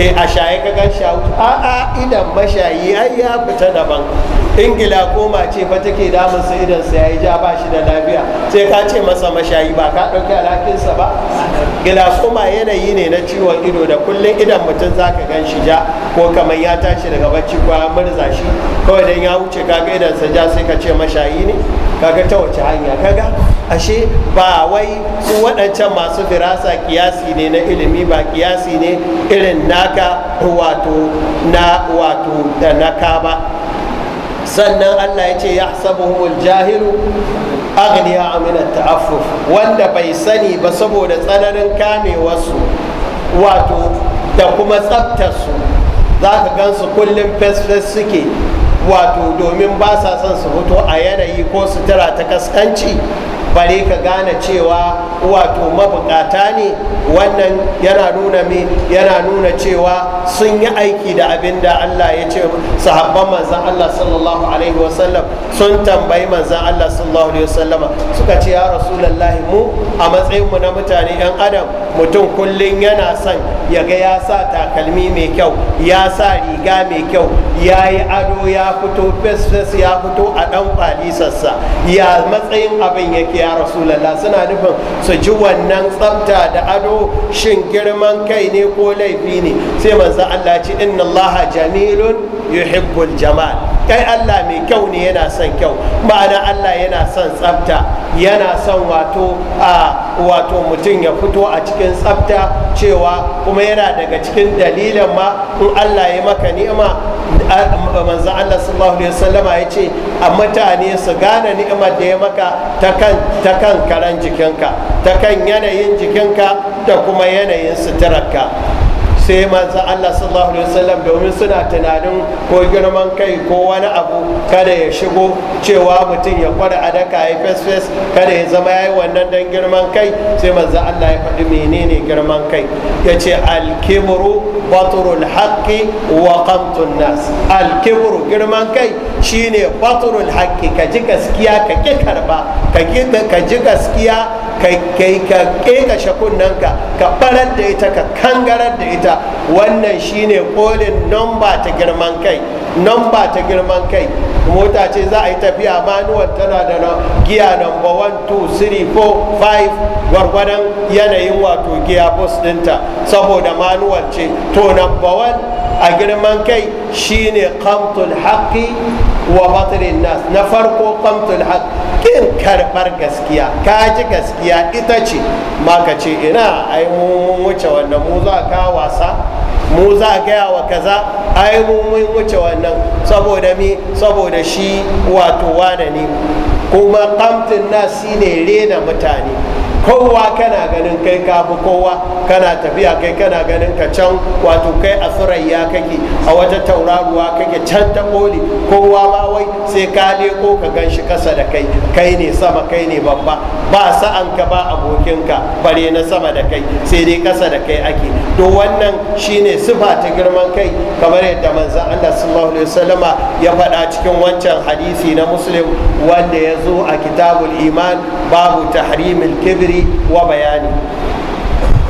eh a shaye ka gan shawu a a idan mashayi ai ya fita daban ingila koma ce fa take damun sa idan sa yayi ja ba shi da lafiya sai ka ce masa mashayi ba ka dauki alhakin sa ba gila koma yanayi ne na ciwon ido da kullun idan mutum zaka gan shi ja ko kamar ya tashi daga bacci ko ya murza shi kawai dan ya wuce kaga idan sa ja sai ka ce mashayi ne kaga ta wace hanya kaga ashe ba wai su waɗancan masu firasa kiyasi ne na ilimi ba kiyasi ne irin naka wato na wato da naka ba sannan Allah ya ce ya sabuhumul jahilu aghniya aminat ta'affuf wanda bai sani ba saboda tsananin kamewarsu wato da kuma tsaftarsu za ka gansu kullum fesfes suke wato domin ba sa son su fito a yanayi ko sutura ta kaskanci bare ka gane cewa wato mabukata ne wannan yana nuna me yana nuna cewa sun yi aiki da abin da Allah ya ce sahabban manzan Allah sallallahu alaihi wasallam sun tambayi manzan Allah sallallahu alaihi wasallam suka ce ya rasulullahi mu a matsayin mu na mutane yan adam mutum kullun yana son ya ga ya sa takalmi mai kyau ya sa riga mai kyau ya yi ado ya fito fes fes ya fito a dan sassa, ya matsayin abin yake ya rasulallah suna nufin su ji wannan tsafta da ado shin girman kai ne ko laifi ne sai manzo Allah ce inna allaha jamilun yuhibbul jamal kai Allah mai kyau ne yana son kyau ma'ana Allah yana son tsafta yana son wato a wato mutum ya fito a cikin tsafta cewa kuma yana daga cikin dalilin ma in Allah ya maka ni'ima manzo Allah sallallahu alaihi wasallama ya ce a mutane su gane ni'imar da ya maka ta kan ta kan karan jikinka ta kan yanayin jikinka da kuma yanayin suturarka sai manzo Allah sallallahu alaihi wasallam domin suna tunanin ko girman kai ko wani abu kada ya shigo cewa mutum ya a adaka ya fes fes kada ya zama yayi wannan dan girman kai sai manzo Allah ya faɗi menene girman kai yace al-kibru batrul haqqi wa qamtun nas al-kibru girman kai shine baturul haqqi ka ji gaskiya ka ki karba ka ji gaskiya ka kai ka keka ka ka barar da ita ka kangarar da ita wannan shine kolin nomba ta girman kai nomba ta girman kai mota ce za a yi tafiya manuwar tana da giya namba 1 2 3 4 gwargwadon yanayin wato giya bus dinta saboda manuwar ce to number 1 a girman kai shine qamtul haqqi wa batrin nas na farko qamtul haqq kin karbar gaskiya ka ji gaskiya ita ce maka ce ina ai mu wuce wannan mu za ka wasa mu za ka gaya wa kaza ai mu mun wuce wannan saboda mi saboda shi wato wane ne kuma qamtul nas shine rena mutane kowa kana ganin kai kafi kowa kana tafiya kai kana ganin ka can wato kai a surayya kake a wata tauraruwa kake can ta koli kowa ba wai sai ka leko ka gan shi kasa da kai kai ne sama kai ne babba ba sa'an ka ba abokinka bare na sama da kai sai dai kasa da kai ake to wannan shine sifa ta girman kai kamar yadda manzo Allah sallallahu alaihi wasallama ya faɗa cikin wancan hadisi na muslim wanda ya zo a kitabul iman babu tahrimin kibri wa bayani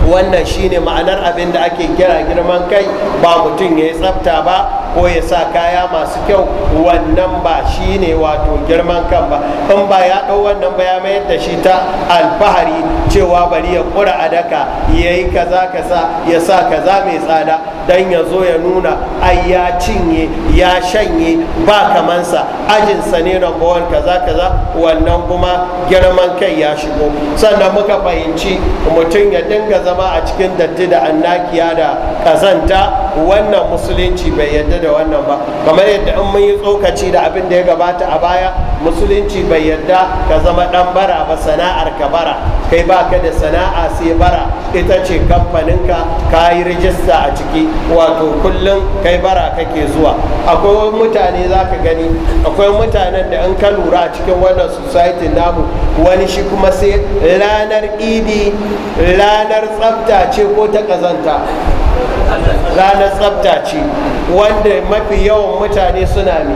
wannan shine ma'anar abin da ake kira girman kai ba mutum ya yi tsafta ba ko ya sa kaya masu kyau wannan ba shi ne wato girman kan ba in ba ya ɗau wannan ba ya mayar da shi ta alfahari cewa bari ya ƙura a daka ya yi kaza kaza ya sa kaza mai tsada don ya zo ya nuna ai ya cinye ya shanye ba kamansa ajinsa ne na bawan kaza kaza wannan kuma girman kai ya shigo sannan muka fahimci mutum ya dinga zama a cikin datti da annakiya da kazanta wannan musulunci bai yadda da wannan ba kamar yadda in mun yi tsokaci da abin da ya gabata a baya musulunci bai yadda ka zama dan bara ba sana'ar ka bara kai baka da sana'a sai bara ita ce kamfaninka ka yi rijista a ciki wato kullun kai bara kake zuwa akwai mutane za gani akwai mutanen da in ka lura a cikin wannan society namu wani shi kuma sai ranar idi ranar tsafta ce ko ta kazanta ranar tsafta ce wanda mafi yawan mutane suna ne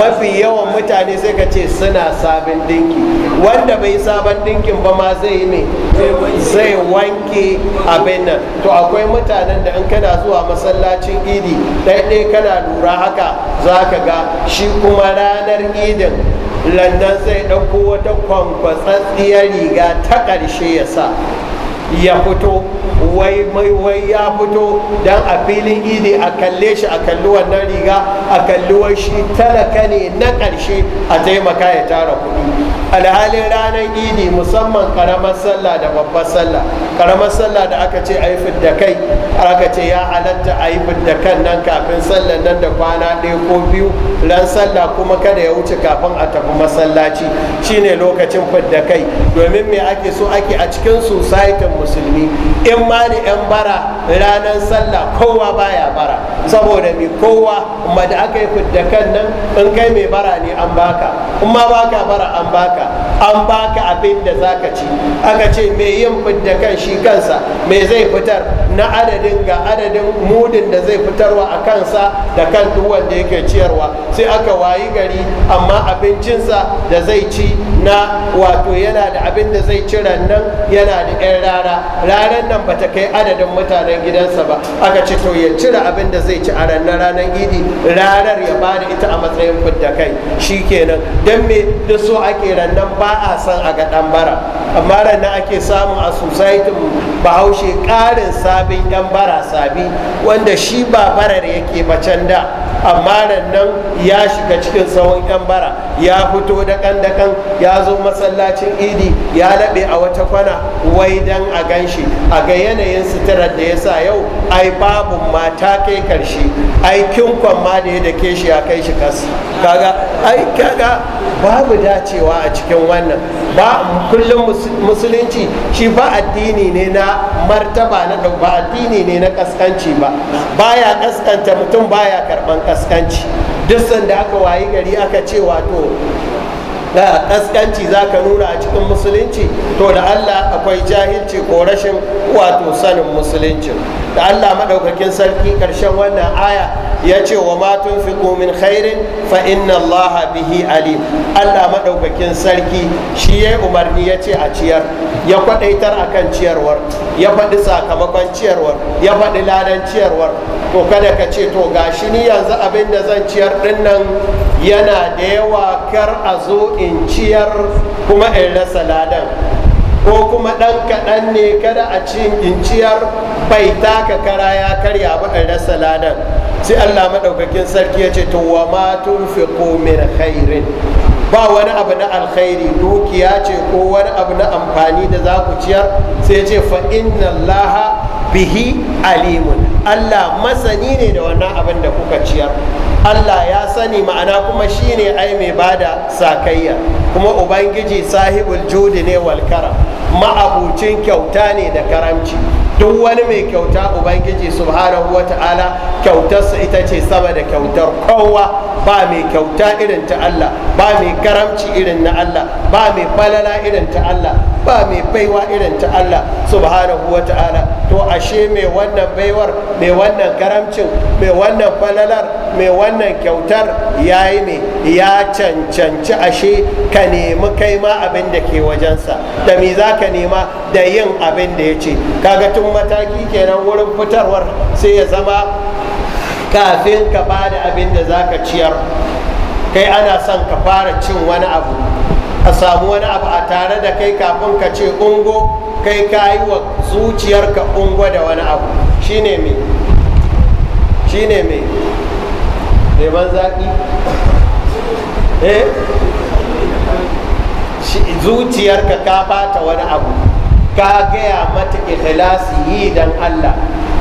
mafi yawan mutane sai ka ce suna sabon dinki wanda bai sabon dinkin ba ma zai ne zai wanke abin nan to akwai mutanen da in kana zuwa masallacin idi ɗaiɗe kana lura haka za ka ga shi kuma ranar idin Landan zai ɗauko wata kwankwatsattsiyar riga ta ƙarshe ya sa ya fito wai mai wai ya fito dan a filin idi a kalle shi a kalli wannan riga a kalli shi talaka ne na ƙarshe a taimaka ya tara kuɗi alhalin ranar idi musamman karamar sallah da babbar sallah karamar sallah da aka ce ayi fidda kai aka ce ya halatta ayi fidda kan nan kafin sallar nan da kwana ɗaya ko biyu ran sallah kuma kada ya wuce kafin a tafi masallaci shine lokacin fidda kai domin me ake so ake a cikin society musulmi in ma ni yan bara ranar sallah kowa baya bara saboda me kowa da aka yi fidda kan nan in kai mai bara ne an baka in ma baka bara an baka an baka abin da za ka ci aka ce mai yin fidda kan shi kansa mai zai fitar na adadin ga adadin mudin da zai fitarwa a kansa da kan duwan da yake ciyarwa sai aka wayi gari amma abincinsa da zai ci na wato yana da abin da zai ci nan yana da 'yan rara ranar nan bata kai adadin mutanen gidansa ba aka ce to ya cire abin da zai ci a ranar ranar idi ranar ya bada ita a matsayin fidda kai kenan don me da so ake rannan ba a son a ga ɗan bara amma ranar ake samu a society bahaushe ƙarin sabin ɗan bara sabi wanda shi ba barar yake macen da amma nan ya shiga cikin tsawon ɗan bara ya fito dakan dakan ya zo masallacin idi ya laɓe a wata kwana wai dan a gan shi a ga yanayin suturar da ya sa yau ai babu mata kai karshe ai kinkon ma da ya dake shi ya kai shi kasu kaga ai kaga babu dacewa a cikin wani wannan ba kullum musulunci shi ba addini ne na martaba na ba addini ne na kaskanci ba ba ya kaskanta mutum ba ya karɓan kaskanci duk sanda aka wayi gari aka ce wato da kaskanci za ka nuna a cikin musulunci to da allah akwai jahilci ko rashin wato sanin musuluncin da allah maɗaukakin sarki ƙarshen wannan aya ya ce wa matun fi min khairin fa inna allaha bihi alim allah maɗaukakin sarki shi ya umarni ya ce a ciyar ya kwaɗaitar a kan ciyarwar ya faɗi sakamakon ciyarwar ya faɗi ladan ciyarwar to kada ka ce to gashi ni yanzu abin da zan ciyar ɗin nan yana da yawa kar a zo in ciyar kuma in rasa ladan ko kuma ɗan kaɗan ne kada a ci in ciyar bai taka kara ya karya ba in rasa ladan sai allah maɗaukakin sarki ya ce to ma tunfiqu min khairin ba wani abu na alkhairi dukiya ce ko wani abu na amfani da za ku ciyar sai ce fa inna allaha bihi alimun allah masani ne da wannan abin da kuka ciyar Allah ya sani ma'ana kuma shine ai mai bada sakayya kuma ubangiji sahibul judi ne wal karam ma'abucin kyauta ne da karamci duk wani mai kyauta ubangiji subhanahu wata'ala kyautarsa ita ce sama da kyautar kowa ba mai kyauta irin ta Allah ba mai karamci irin na Allah ba mai falala irin ta Allah ba mai baiwa irin ta Allah subhanahu wata'ala to ashe mai wannan baiwar mai wannan karamcin mai wannan falalar mai wannan kyautar ya ne ya cancanci ashe ka nemi kai ma abin da ke wajensa da me za ka nema da yin abin da ya ce kaga tun mataki kenan wurin fitarwar sai ya zama kafin ka ba da abin da za ka ciyar kai ana son ka fara cin wani abu a samu wani abu a tare da kai kafin ka ce ungo kai ka yi wa zuciyarka ungo da wani abu eh? Shi ne mai ne mai neman zaƙi eh zuciyarka ka bata wani abu ka gaya mata ikhlasi yi dan Allah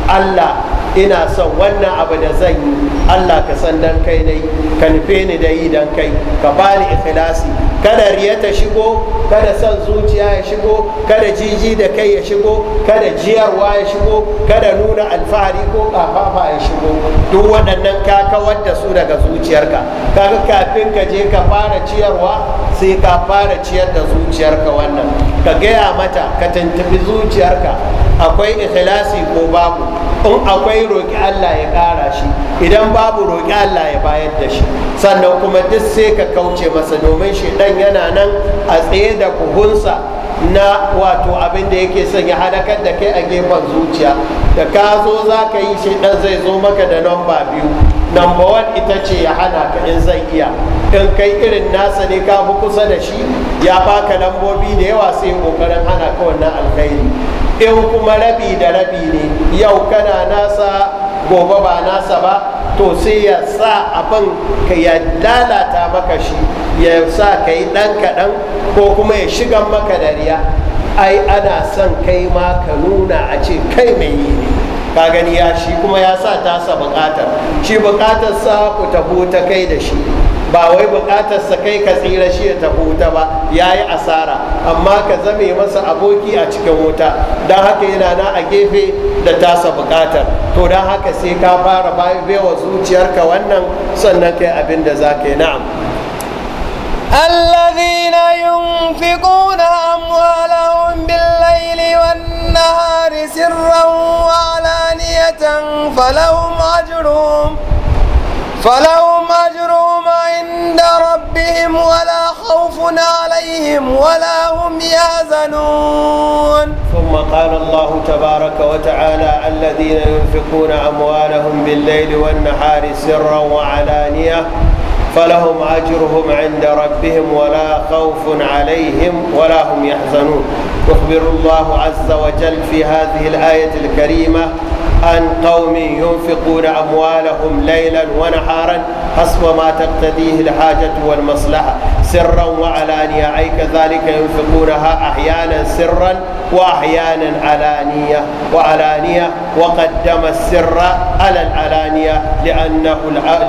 Allah ina son wannan abu da zan yi Allah ka san dan kai dai ka nufe ni da yi dan kai ka bani ikhlasi kada riya ta shigo kada son zuciya ya shigo kada jiji da kai ya shigo kada jiyarwa ya shigo kada nuna alfahari ko kafafa ya shigo duk waɗannan ka kawar da su daga zuciyarka kaga kafin ka je ka fara ciyarwa sai ka fara ciyar da zuciyarka wannan ka gaya mata ka tuntubi zuciyarka akwai ikhlasi ko babu in akwai roƙi Allah ya ƙara shi idan babu roƙi Allah ya bayar da shi sannan kuma duk sai ka kauce masa domin shi dan yana nan a tsaye da kuhunsa na wato abin da yake son ya halakar da kai a gefen zuciya da ka zo za ka yi shi dan zai zo maka da namba biyu namba wan ita ce ya hana ka in zai iya in kai irin nasa ne ka fi kusa da shi ya baka lambobi da yawa sai kokarin hana ka wannan alkhairi in kuma rabi da rabi ne yau kana nasa gobe ba nasa ba to sai ya sa abin ka ya lalata maka shi ya sa ka yi ɗan kaɗan ko kuma ya shiga maka dariya ai ana son kai ma ka nuna a ce kai mai yi ne ka gani ya shi kuma ya sa tasa bukatar shi bukatar sa ku tafi ta kai da shi ba wai bukatar sa kai ka tsira shi ya tafi ta ba ya yi asara amma ka zame masa aboki a cikin wuta don haka yana na a gefe da tasa bukatar to don haka sai ka fara baiwa ka wannan sannan kai abin da za ka yi na'am الذين ينفقون أموالهم بالليل والنهار سرا فلهم أجرهم فلهم أجرهم عند ربهم ولا خوف عليهم ولا هم يحزنون ثم قال الله تبارك وتعالى الذين ينفقون أموالهم بالليل والنهار سرا وعلانية فلهم أجرهم عند ربهم ولا خوف عليهم ولا هم يحزنون يخبر الله عز وجل في هذه الآية الكريمة عن قوم ينفقون أموالهم ليلا ونهارا حسب ما تقتديه الحاجة والمصلحة سرا وعلانية أي كذلك ينفقونها أحيانا سرا وأحيانا علانية وعلانية وقدم السر على العلانية لأنه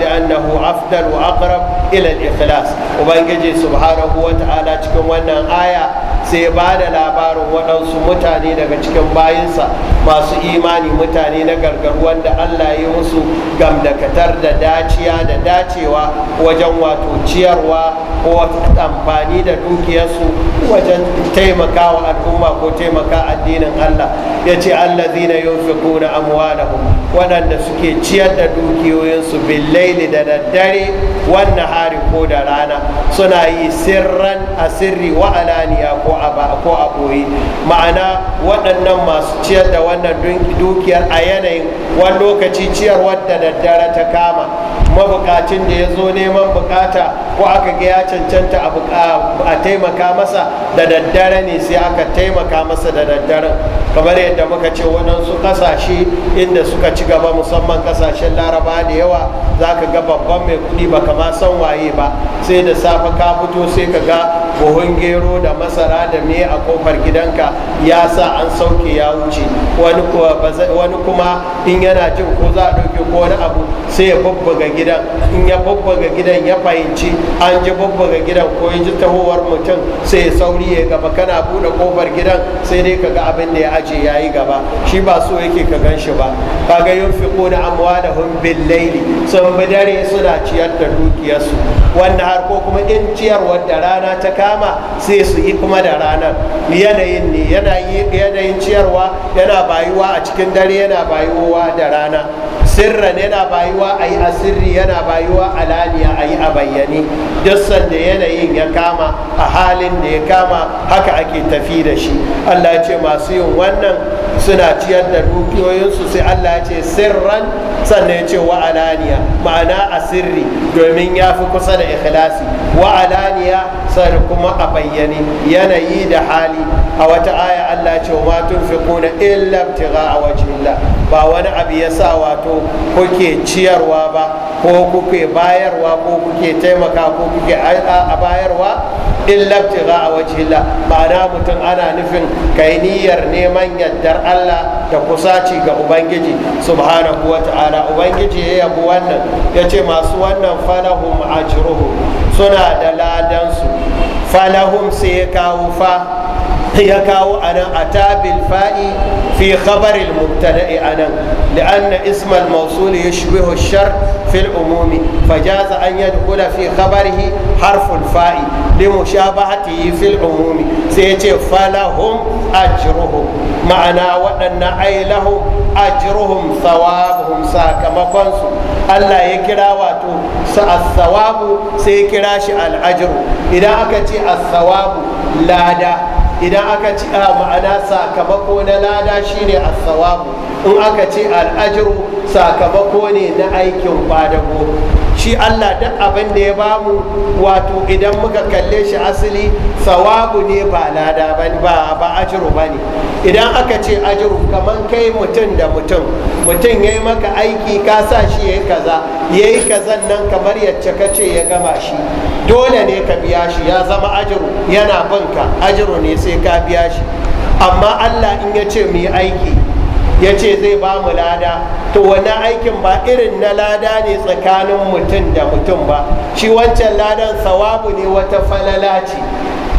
لأنه أفضل وأقرب إلى الإخلاص وبنجي سبحانه وتعالى تكون آية sai ba da labarin waɗansu mutane daga cikin bayansa masu imani mutane na gargar wanda allah ya musu gamdakatar da daciya da dacewa wajen wato ciyarwa ko amfani da dukiyarsu wajen taimaka wa al'umma ko taimaka addinin allah ya ce allazina yunfiquna amwalahum waɗanda suke ciyar da dukiyoyinsu billaili da daddare wannan hari ko da rana suna yi sirran a wa alaniya ko ko a ɓoye ma'ana waɗannan masu ciyar da wannan dukiyar a yanayin wani lokaci ciyar da daddare ta kama mabukacin da ya zo neman bukata ko aka ga ya cancanta a taimaka masa da daddare ne sai aka taimaka masa da daddare kamar yadda muka ce waɗansu ƙasashe inda suka ci gaba musamman ƙasashen laraba da yawa za ka ga babban mai kuɗi ba kama san waye ba sai da safe ka fito sai ka ga buhun gero da masara da me a kofar gidanka ya sa an sauke ya wuce wani kuma in yana jin ko za a ɗauke ko wani abu sai ya babbaga gidan in ya bubbuga gidan ya fahimci an ji bubbuga gidan ko ya ji tahowar mutum sai sauri ya gaba kana bude kofar gidan sai dai kaga abin da ya aje ya yi gaba shi ba so yake ka gan shi ba kaga yin fiƙo na amuwa da humbin laili sun bi dare suna ciyar da dukiyarsu wanda har ko kuma in ciyar da rana ta kama sai su yi kuma da ranar yanayin ne yanayin ciyarwa yana bayuwa a cikin dare yana bayuwa da rana sirran yana bayuwa a yi asirri yana bayuwa alaniya a yi a bayyane duk sanda yanayin ya kama a halin da ya kama haka ake tafi da shi allah ce masu yin wannan suna ciyar da dukiyoyinsu sai allah ce sirran sannan ya ce wa alaniya ma'ana asirri domin ya fi kusa da ikhlasi wa alaniya sai kuma a bayyane yanayi da hali a wata aya allah ce wa ma tunfiquna illa wajen wajhillah ba wani abu ya sa wato kuke ciyarwa ba ko kuke bayarwa ko kuke taimaka ko kuke a bayarwa In a ibtigha la ma'ana mutum ana nufin kai niyyar neman yardar Allah da kusaci ga ubangiji subhanahu ta'ala ubangiji ya yabu wannan yace masu wannan falahum ajruhum suna da ladansu falahum sai ya kawo fa ya kawo anan a tabil fa’i fi khabaril mubtada'i a da an na ismal mausuli ya shi shar fil umumi fajaza an yadda kula fi khabarihi harful fa’i limu sha ba fil umumi sai ya ce falahun ajruhum ma'ana waɗanna ailahun ajruhum sawabuhum sakamakonsu Allah ya kira wato sa'as-sawabu sai ya kira shi al idan aka ce as-sawabu lada idan aka ci a ma'ana sakamako na lada shine a in aka ce al'ajiru sakamako ne na aikin kwadago shi allah duk abin da ya bamu wato idan muka kalle shi asali sawabu ne ba lada ba ba ajiru ba ne idan aka ce ajiru kamar kai mutum da mutum mutum ya yi maka aiki ka sa shi ya yi kaza ya yi kazan nan kamar yacce ka ce ya gama shi dole ne ka biya shi ya zama ajiru yana banka ajiru ne sai ka biya shi amma allah in ya ce mu yi aiki ya ce zai ba mu lada to wani aikin ba irin na lada ne tsakanin mutum da mutum ba shi wancan ladan sawabu ne wata falala ce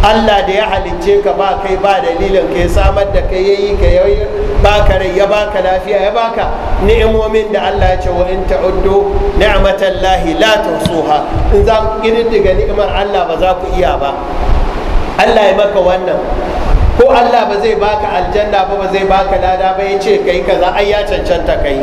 Allah da ya halicce ka ba kai ba dalilin ka ya samar da kai yayi ka yayi baka rai ya baka lafiya ya baka ni'imomin da Allah ya ce wa in ta'uddu lahi la tuhsuha in za ku daga ni'imar Allah ba za ku iya ba Allah ya maka wannan ko Allah ba zai baka aljanna ba ba zai baka lada ba ya ce kai kaza ai ya cancanta kai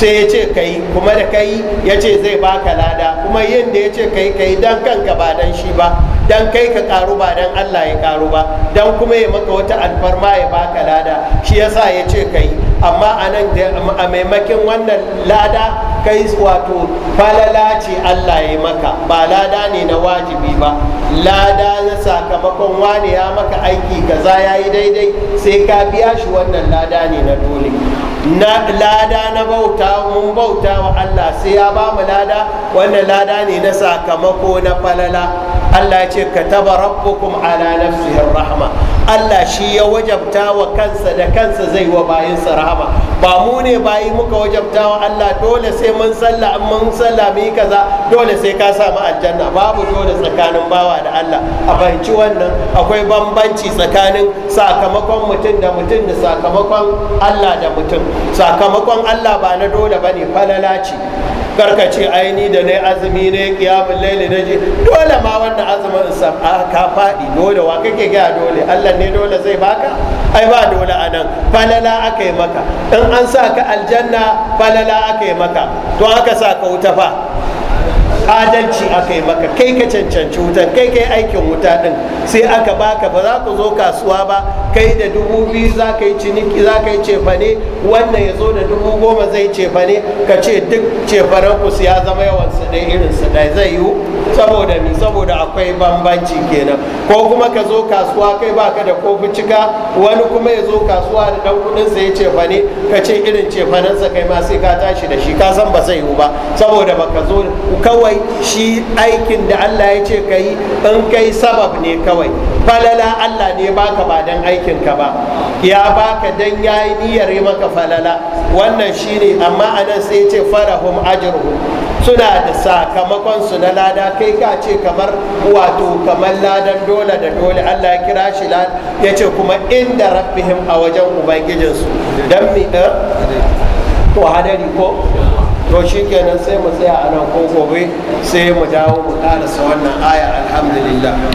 sai ya ce kai kuma da kai ya ce zai baka lada kuma yin da ya ce kai kai dan kanka ba dan shi ba dan kai ka karu ba dan Allah ya karu ba dan kuma ya maka wata alfarma ya baka lada shi yasa ya ce kai amma a nan a maimakin wannan lada kai wato falala ce Allah ya maka ba lada ne na wajibi ba lada na sakamakon wani ya maka aiki kaza ya yi daidai sai ka biya shi wannan lada ne na dole na lada na bauta mun bauta wa Allah sai ya ba mu lada wannan lada ne na sakamako na falala Allah ya ce taɓa rabbukum ala nafsihi rahma Allah shi ya wajabta wa kansa da kansa zai wa bayinsa rahama ba mu ne bayi muka wajabta wa Allah dole sai mun sallah mun sallah mu yi kaza dole sai ka samu aljanna babu dole tsakanin bawa da Allah a fahimci wannan akwai bambanci tsakanin sakamakon mutum da mutum da sakamakon Allah da mutum sakamakon Allah ba na dole bane falala ce karkace ce aini da ne azumi ne kiyamun laili na ji dole ma wannan azumin sam ka faɗi dole wa kake gaya dole allah ne dole zai baka ai ba dole a nan falala aka maka in an sa ka aljanna falala aka maka to aka sa ka wuta fa adalci aka yi maka kai ka cancanci wutan kai kai aikin wuta din sai aka baka ba za ku zo kasuwa ba kai da dubu biyu za ka yi ciniki za ka yi cefane wannan ya zo da dubu goma zai cefane ka ce duk cefaren ku ya zama yawan su dai irin su dai zai yiwu saboda mi saboda akwai bambanci kenan ko kuma ka zo kasuwa kai baka da kofi cika wani kuma ya zo kasuwa da dan kudin sa ya cefane ka ce irin cefanensa kai ma sai ka tashi da shi ka san ba zai yiwu ba saboda baka zo kawai shi aikin da Allah ya ce ka yi in kai sabab ne kawai falala Allah ne baka ba dan aikinka ba ya baka dan yayi niyyar maka falala wannan shine amma anan sai ya ce farahum ajruhum suna da sakamakon su na lada kai ka ce kamar wato kamar ladan dole da dole Allah ya kira shi lada ya ce kuma inda rabbihim a wajen ubangijinsu don mi eh? to hadari ko to shi kenan sai mu tsaya a ko gobe sai mu dawo mu karasa wannan aya alhamdulillah